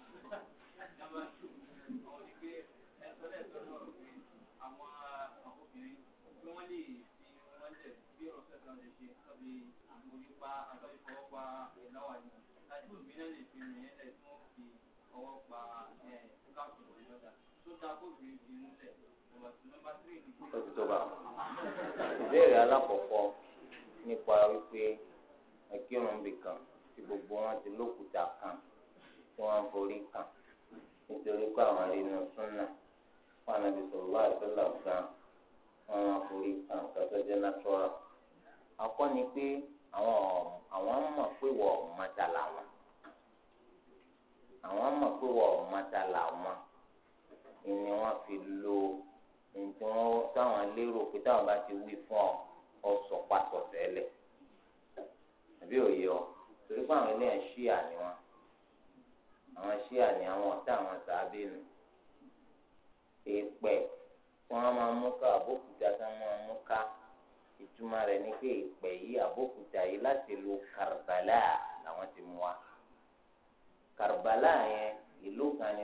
tó lè ṣe tọ́bi àmójúpa àtọ́jú fọwọ́ pa ìlọ́wà ni tàbí òmìnira lè fi rìn ẹ̀lẹ̀ tí wọ́n fi ọwọ́ pa ẹ̀ ṣúgà fòwò ìlọ́dà tó ta kó obìnrin fi múlẹ̀ nọ́mbà tírì ní. ó ti tó bá ìbéèrè alákọ̀ọ́kọ́ nípa wípé ẹ̀kírun bìkan tí gbogbo wọn ti lókùúta kan tí wọ́n forí kan nítorí pé àwọn arínú súnà wọn àbí sọ̀rọ̀ wá àtúnlà gan wọn forí kan kátó jẹ́ náṣọ́ra. akọ́ ni pé àwọn àwọn mọ̀ pé wọ́n làwọn àwọn mọ̀ pé wọ́n fi lo nti wọn táwọn lérò pé táwọn bá ti wí fún ọ ọ sọ pàtó tẹ́lẹ̀ àbí òye ọ torí pé àwọn eléyàn ṣíà ni wọn àwọn ṣíà ni àwọn ọ̀tá àwọn sàábìnú èèpẹ̀ ìtumọ̀ rẹ̀ ni pé ìpẹ́ yìí àbókúta yìí láti lu Karbala làwọn ti mú wa Karbala yẹn ìlú kan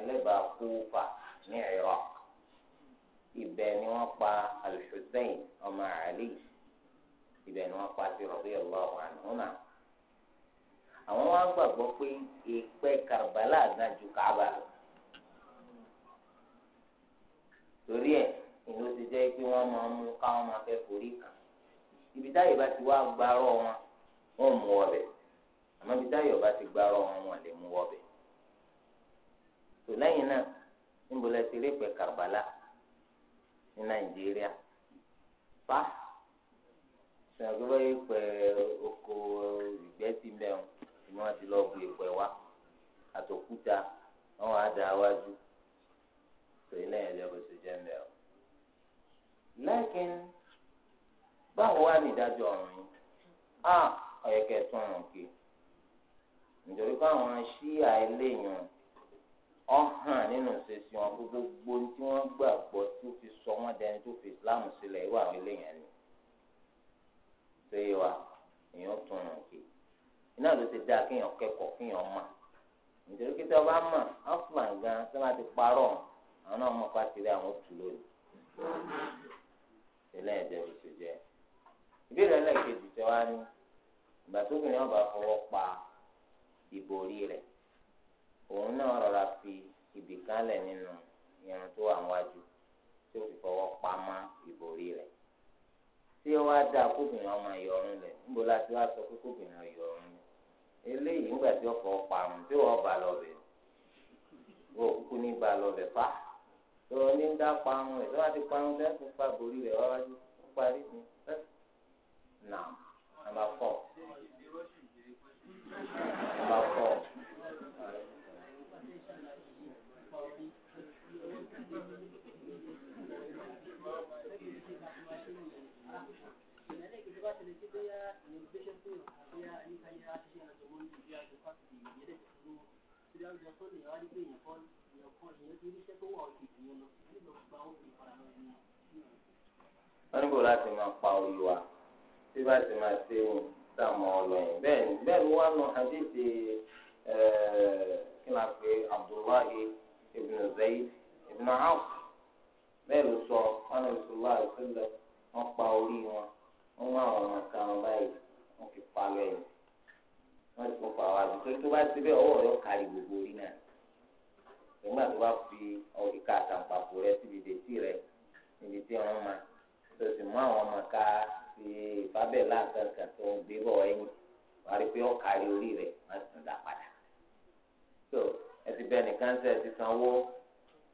Kúfà ní Iraq ibẹ̀ ni wọ́n pa Al-Hussein ọmọ Ali ibẹ̀ ni wọ́n pa sí radiyallahu anhuma àwọn wa gbàgbọ́ pé ìpẹ́ Karbala gan ju Kaaba lọ torí ẹ̀ ìlú ti jẹ́ pé wọ́n máa mú káwọn máa fẹ́ forí kan ibi táyọ̀ bá ti wá gbárọ̀ wọn wọn mú ọbẹ̀ àmọ́ ibi táyọ̀ bá ti gbárọ̀ wọn wọn lè mú ọbẹ̀ tó lẹ́yìn náà níbo lẹ ti rí pẹ̀ Karbala ní Nàìjíríà pa ṣàgbọ́n ìpẹ́ oko ìgbẹ́ ti mẹ́rin ni wọ́n ti lọ bu ìpẹ́ wa àtòkúta wọn wàá da wájú tó ilé ẹ̀jẹ̀ bó ṣe jẹ́ mẹ́rin. lẹ́kìn. Like báwo wá ní ìdájọ́ ọ̀run yìí a ọ̀yẹ̀kẹ̀ tún ọ̀run kí nítorí káwọn ṣí nínú wọn gbogbo tí wọn gbàgbọ́ tó fi sọ wọ́n dẹni tó fi Islam sílẹ̀ ìwà àwọn ni èèyàn tún nke ị iná ló ti dáa kéèyàn kéèyàn nítorí kí bá gan tí wọ́n ti parọ́ ìbéèrè ẹlẹ́ẹ̀kejì tẹ wá ní ìgbà tó bìnrin ọba fọwọ́ pa ìbòrí rẹ̀ òun náà rọra fi ibì kan lẹ̀ nínú irun tó wà níwájú tí ó fi fọwọ́ pa mọ́ ìbòrí rẹ̀ tí ó wá dáa kóbìnrin ọmọ ìyọrun lẹ̀ níbo la ti wá sọ pé kóbìnrin ìyọrun lẹ̀ eléyìí ńgbà tí ọkọ̀ parun tí wọ́n bá lọ bẹ̀ wọ́n kúkú ní bá lọ bẹ̀ fá tó ní ń dá parun rẹ̀ tó wá ti parun lẹ́sùn pa ìbòrí rẹ̀ wá wájú parí ni Now, number four. Number four. wọ́n ní kò láti máa pa olùwà tí bá ti máa ṣe ń sàmọ́ ọlọ́yìn bẹ́ẹ̀ ni bẹ́ẹ̀ ni wọ́n á nù hadithi eh, kí n àpè abdullahi ibn zayd ibn awf bẹ́ẹ̀ ló sọ wọn lè sọ lọ́wọ́ àìsílẹ̀ wọ́n pa orí wọn wọ́n mú àwọn ọmọ kan báyìí wọ́n fi pa lẹ́yìn wọ́n ti pa àwọn àdúgbò tó bá ti bẹ́ẹ̀ ọwọ́ rẹ̀ kárí gbogbo orí náà nígbà tó bá fi ìka àtàǹpàkò rẹ̀ síbi dètí rẹ̀ níbi tí wọ́n máa tó sì mú àwọn ọmọ àti ìfábẹ́lá kankan tó ń gbé bọ̀ ẹ̀yìn wà á rí pé ọ̀kárí orí rẹ̀ máa tún dà padà. so ẹ ti bẹ nìkan sẹ ẹ ti san owó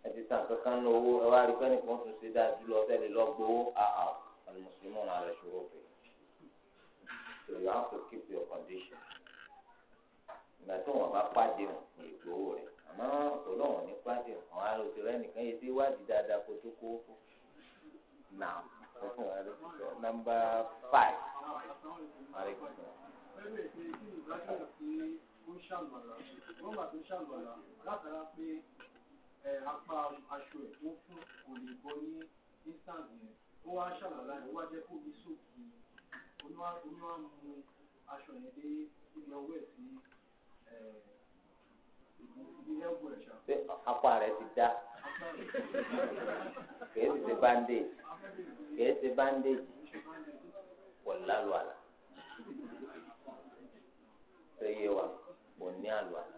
ẹ ti san kankan ní owó ẹ wá rí pé nìkan tún ṣe dáa jùlọ sẹ́ni lọ gbowó àhàn ọ̀nà mùsùlùmí ọ̀nà rẹ̀ ṣòro pé so you have to keep your condition. ìgbà tó wọn bá pàdé wọn lè gbowó rẹ̀ àmọ́ ọlọ́wọ̀n ní pàdé wọn àwọn àròsọ rẹ̀ nìkan yẹ ti wádìí dáadáa kó tó kó fún nọ́mbà five. látara kò lè bọ́ ti dá kìí ti ṣe bandage kìí ṣe bandage kò lálù àlà tó yé wa kò ní àlù àlà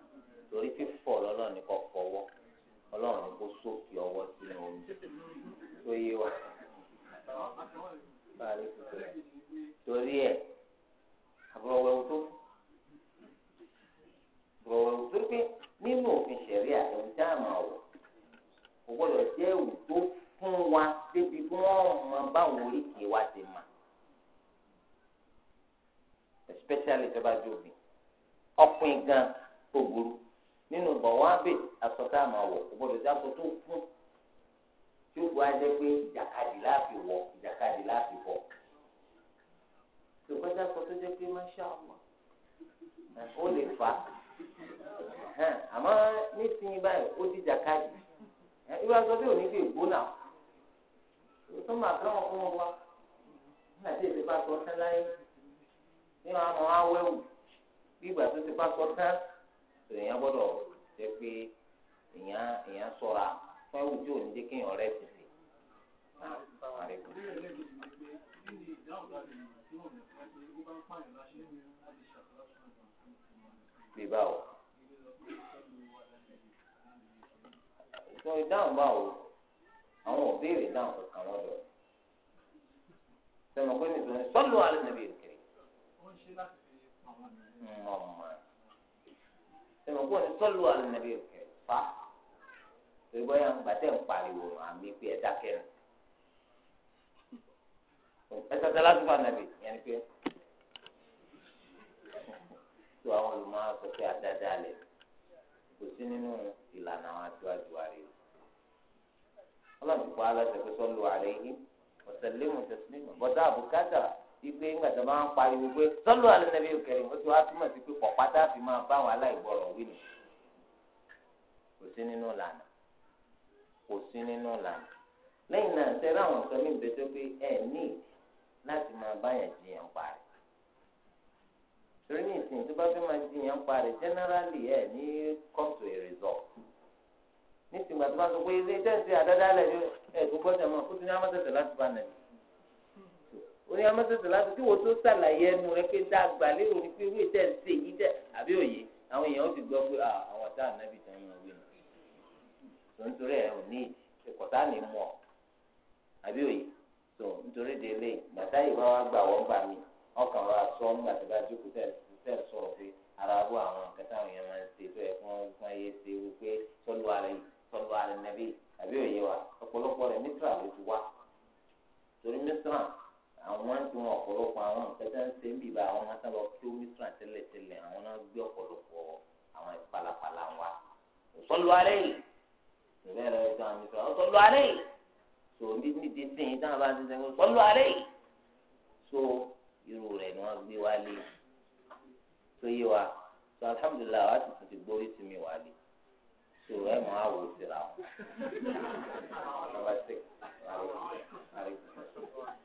torí fífọ̀ lọ́lọ́run ní kò fọwọ́ ọlọ́run ní kò sókè ọwọ́ sínú omi tó yé wa torí ẹ àbúrò wẹwù tó àbúrò wẹwù tó pé nínú òfin ṣẹ̀rí àtẹ̀wé dáàmà ọ̀wọ̀. especially tẹ́ bá jó obì ọkùnrin gan kò burú nínú bọ̀wábè asọ́tà àmà wọ̀ kò gbọ́dọ̀ sí aṣọ tó fún tí ó wá jẹ́ pé ìjàkadì láàfin wọ̀ ìjàkadì láàfin bọ̀ ṣùgbọ́n aṣọ tó jẹ́ pé máṣá ọmọ ó lè fà á àmọ́ nísìnyí báyìí ó di ìjàkadì irú aṣọ bí òní fi gbóná tó máa kọ́ ọkùnrin wa nígbà tí èdè bá sọ ọ́ sẹ́láyé ní wọn àmọ́ awẹwù bí ìgbà tó ti bá sọ tán èèyàn gbọ́dọ̀ jẹ pé èèyàn èèyàn ṣọ́ra fún ẹ̀wù tí ò ní jẹ kéèyàn rẹ ti sè. Bíbá o. Sọ ìdáhùn báwo àwọn òbéèrè dáhùn kankan lọ́dọ̀. Sọ̀rọ̀ pé nàbí ẹ̀rọ̀kọ́ ni sọ́lù àlùmọ́bí òkè fa ìgbọ́ yẹn gbàtẹ́ ń pariwo àmì pé ẹ̀dá kẹrin ẹ̀sẹ̀ tẹ́lá tó bá nàbì yẹn pé tó àwọn olùmọ̀ sọ pé àdáadáa lẹ̀ kò sí nínú ìlànà àwọn aṣáájú àrẹ ọlọ́run ti pa aláṣẹ pé sọ́lù àrẹ yìí ọ̀sẹ̀ lé mọ̀ tẹ̀sílẹ̀ mọ̀ bọ́dá àbùkátà ìgbé ńgbàdà máa ń pariwo pé sọ́lù alẹ́nàbí òkèrè ó ti wá túmọ̀ sí pé pọ̀pátá fi máa bá àwọn aláìgbọràn wí nù. kò sí nínú lànà kò sí nínú lànà lẹ́yìn náà sẹ́rẹ́ àwọn nǹkan mí bẹ́ẹ̀ tó pé ẹ̀ ní láti máa báyàn jiyàn parí. torí ní ìsìn tó bá fẹ́ máa jiyàn parí generally ẹ̀ ní come to a result. ní ìsìngbà tó bá sọ pé ilé iṣẹ́ ìsìn àdádálẹ̀ ẹ̀ tó gbọ́dọ̀ mọ̀ kó ti ní amọ́tẹ̀tẹ̀ láti bá nàìjíríà oní amọ́sọ̀tò láti kí wọ́n tó sàlàyé ẹnu rẹ pé dá àgbàlẹ́ òní pé wíì tẹ̀ ń ṣe èyí tẹ̀ àbí òye àwọn èèyàn ó ti gbọ́ pé àwọn ọ̀tá ànábì tán yẹn wí nù. tó ń torí ẹ̀ ò ní ìkọ̀tà ní mọ̀ àbí òye tó ń torí de lé bàtà ìwà wa gbà wọ́n gbà mí ọkàn wa sọ ń gbàtí bá jókòó tẹ̀ sọ̀rọ̀ pé ara bó àwọn akẹ́tà àwọn èèyàn máa ń ṣe tó yẹ kí wọ́n fún ayé ṣe wípé sọ́lù àrẹ sọ́lù àrẹ nàbí àwọn tí wọn ọ̀pọ̀lọpọ̀ àwọn nǹkan tó ń ṣe ń bìbá àwọn máa sábà kí omisran tẹ́lẹ̀ tẹ́lẹ̀ àwọn náà gbé ọ̀pọ̀lọpọ̀ àwọn ìpalapala wa òsọ́lù alẹ́ yìí ìbẹ́ rẹ̀ ẹ̀jọ̀ àmì sọ̀rọ̀ òsọ́lù alẹ́ yìí so ní ní dídín yìí táwọn bá ń sẹ́yìn òsọ́lù alẹ́ yìí so irú rẹ̀ ni wọ́n gbé wálé tó yé wa so alhamdulilayi wa ti tún ti gbórí sí mi wálé so ẹ mọ àwò síra wọn.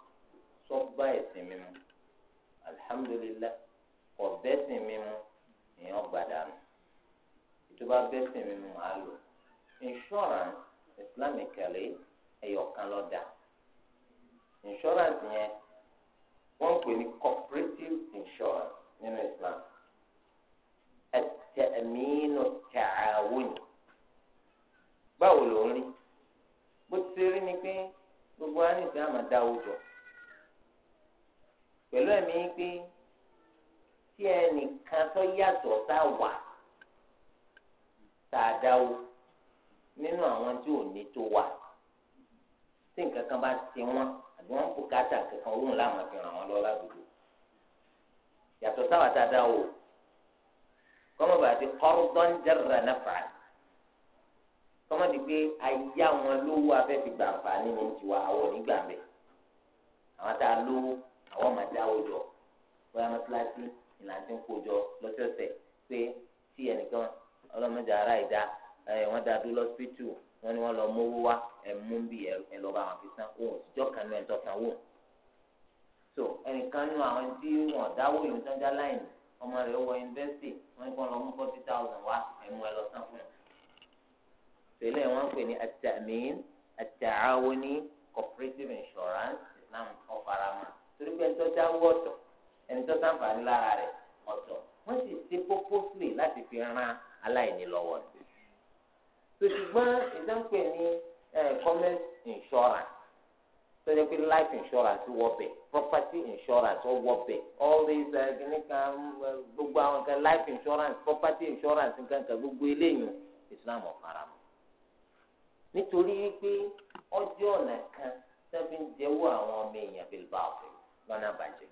tọ́gbà ẹ̀sìn mímu alihamudulilayi kò bẹ́sìn mímu èèyàn gbàdánù ìjọba bẹ́sìn mímu máa lò insurance islamically ẹ̀yọ̀kan lọ́dà insurance yẹn wọ́n pè ní cooperative insurance nínú islam ẹ̀tẹ̀mínú tààwọ̀nì báwo ló ń rí bó ti rí ni pé gbogbo wa àmàdáwò jọ pẹ̀lú ẹ̀mí pé tí ẹnìkan tó yàtọ̀ tá a wà tá a dáwó nínú àwọn tí ò ní tó wà tí nǹkan kan bá ti wọ́n àbí wọ́n kó káàtà kankan òun láwọn fi ràn wọ́n lọ ládùúgbò yàtọ̀ táwa tá a dáwó kọ́mọ̀ bá ti kọ́rọ́dọ́ ń jẹ́rìrà náfà kọ́mọ̀ di pé ayé àwọn lówó afẹ́ fi gbàǹfà nínú tiwa àwọn onígbàmbẹ́ àwọn tá a lówó àwọn ọmọ ẹ̀dá àwùjọ bóyá mọ́tíláṣí ìlànà tí ń kójọ lọ́sọ̀ọ̀sẹ̀ pé tí ẹnìkan ọlọ́mọdé ara ìdá ẹ̀ wọ́n dá dúró lọ́sítù wọ́n ní wọ́n lọ mówó wá ẹ̀ mú bí ẹ̀ lọ́ bá wọn fi san òun òtijọ́ kan náà ẹ̀ tọ́ san òun. so ẹnìkan nú àwọn tí wọn dáwó yòó sanjá láìní ọmọ rẹ̀ wọ yunifásitì wọ́n ní lọ mú forty thousand wá ẹ̀ mú ẹ lọ san fún un. tẹ́lẹ̀ wọ́n pè ní at-ta'min at-ta'awuni cooperative insurance Islam ọ̀faramọ́ torí pé ẹnitọ́ já wọ́ ọ̀tọ̀ ẹnitọ́ sàǹfààní lára rẹ̀ ọ̀tọ̀ wọ́n sì ṣe purposely láti fi ran aláìní lọ́wọ́ rẹ̀. ṣùgbọ́n ìdánpẹ̀ ní commerce insurance sọjọ pé life insurance wọ bẹ property insurance wọ bẹ all these kìnnì kan gbogbo àwọn kan life insurance property insurance nǹkan kan gbogbo eléyìí islam ọ̀fara mu nítorí pé ọjọ́ ọ̀nà kan sábẹ́ ń jẹ́wọ́ àwọn ọmọ èèyàn bíi báwọ̀ lọ́nà bàjẹ́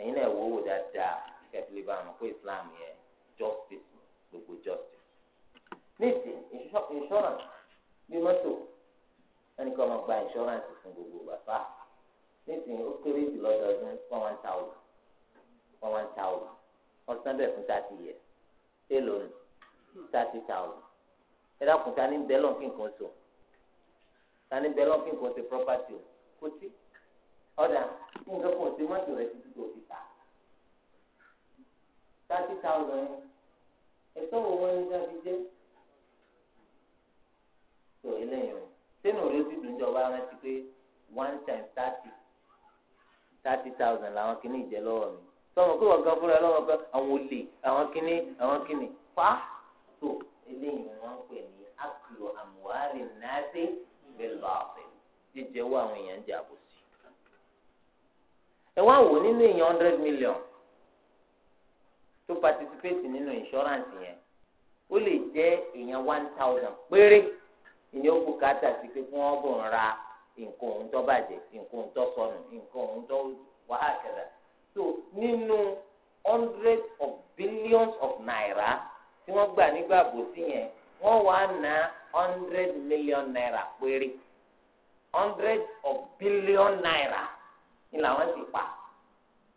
ẹ̀yin náà wò wò dáadáa kẹ́tìlẹ́ bá wọn kó Islam yẹ justice gbogbo justice níìsín insurance bí mọ́tò ẹnìkan máa gba insurance fún gbogbo bàbá níìsín ó kéré jù lọ́dọọdún one one thousand one one thousand ọ̀sán bẹ̀ fún thirty years èlò ní thirty thousand ẹ dákun ta ní bẹ́lọ̀ kí nǹkan sọ ta ní bẹ́lọ̀ kí nǹkan sọ property o kó ọ̀dà tí nǹkan kan ṣe mọ́tò rẹ títí tó fi ta thirty thousand yẹn ẹ̀tọ́ wo wọ́n ní sáfi jẹ́ tó eléyìí o sínú rẹ ti jọba rántí pé one time thirty thirty thousand làwọn kìíní ìjẹ lọ́wọ́ mi sọmọ pé wọ́n gan fúnra lọ́wọ́ pé àwọn olè àwọn kìíní àwọn kìíní fa tó eléyìí wọ́n pè ní akulu amuhari nasi bẹ́ẹ̀ lọ́ọ̀fẹ́ jíjẹ́wọ́ àwọn èèyàn jẹ́ àbùsùn. ẹ wá wò nínú èèyàn hundred million tó participate nínú insurance yẹn ó lè jẹ́ èèyàn one thousand péré ìyẹn ó kú káàtà sí pé kí wọ́n bò ń ra nǹkan òun tó bàjẹ́ nǹkan òun tó sọnù nǹkan òun tó wàhálà kẹlẹ̀ so nínú hundreds of billions of naira tí wọ́n gbà nígbà bò sí yẹn wọ́n wá ná hundred million naira péré hundreds of billion naira. ni làwọn ti pa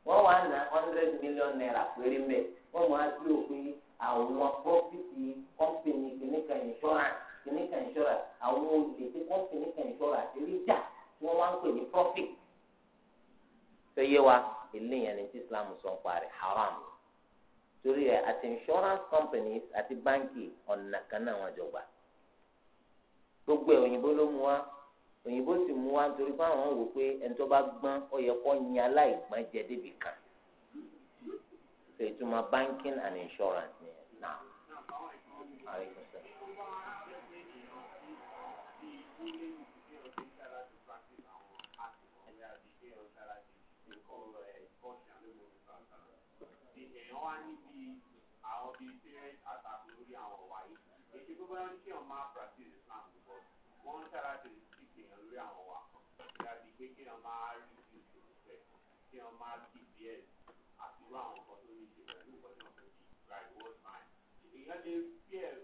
wọ́n wá ná hundred million naira péré mbẹ́ wọ́n mọ̀ á sí òpin àwọn profiti kọ́mpìnì kìnìkan insurance kìnìkan insurance àwọn olè tí kọ́mpìnì kan insurance rí jà tí wọ́n wá ń pè ní profit. tó yé wa eléyàn ni tí Islam sọ ń parí haram torí ẹ àti insurance companies àti báńkì ọ̀nà kan náà wọ́n jọ gbà gbogbo ẹ̀ òyìnbó ló mú wa òyìnbó sì mú wa nítorí pé àwọn wò pé ẹni tó bá gbọ́n ó yẹ kó yin aláìgbọ́n jẹ débi kan ṣe ìtumọ̀ banking and insurance ni náà. wá níbi lórí àwọn wa láti pé kí wọ́n máa rí bí ìṣòro rẹ̀ kí wọ́n máa bí bíẹ̀ àti irú àwọn nǹkan tó ní ìṣe pẹ̀lú nǹkan náà tó ti gba ìwọ́n máa ìyẹn lè bí ẹ̀rù.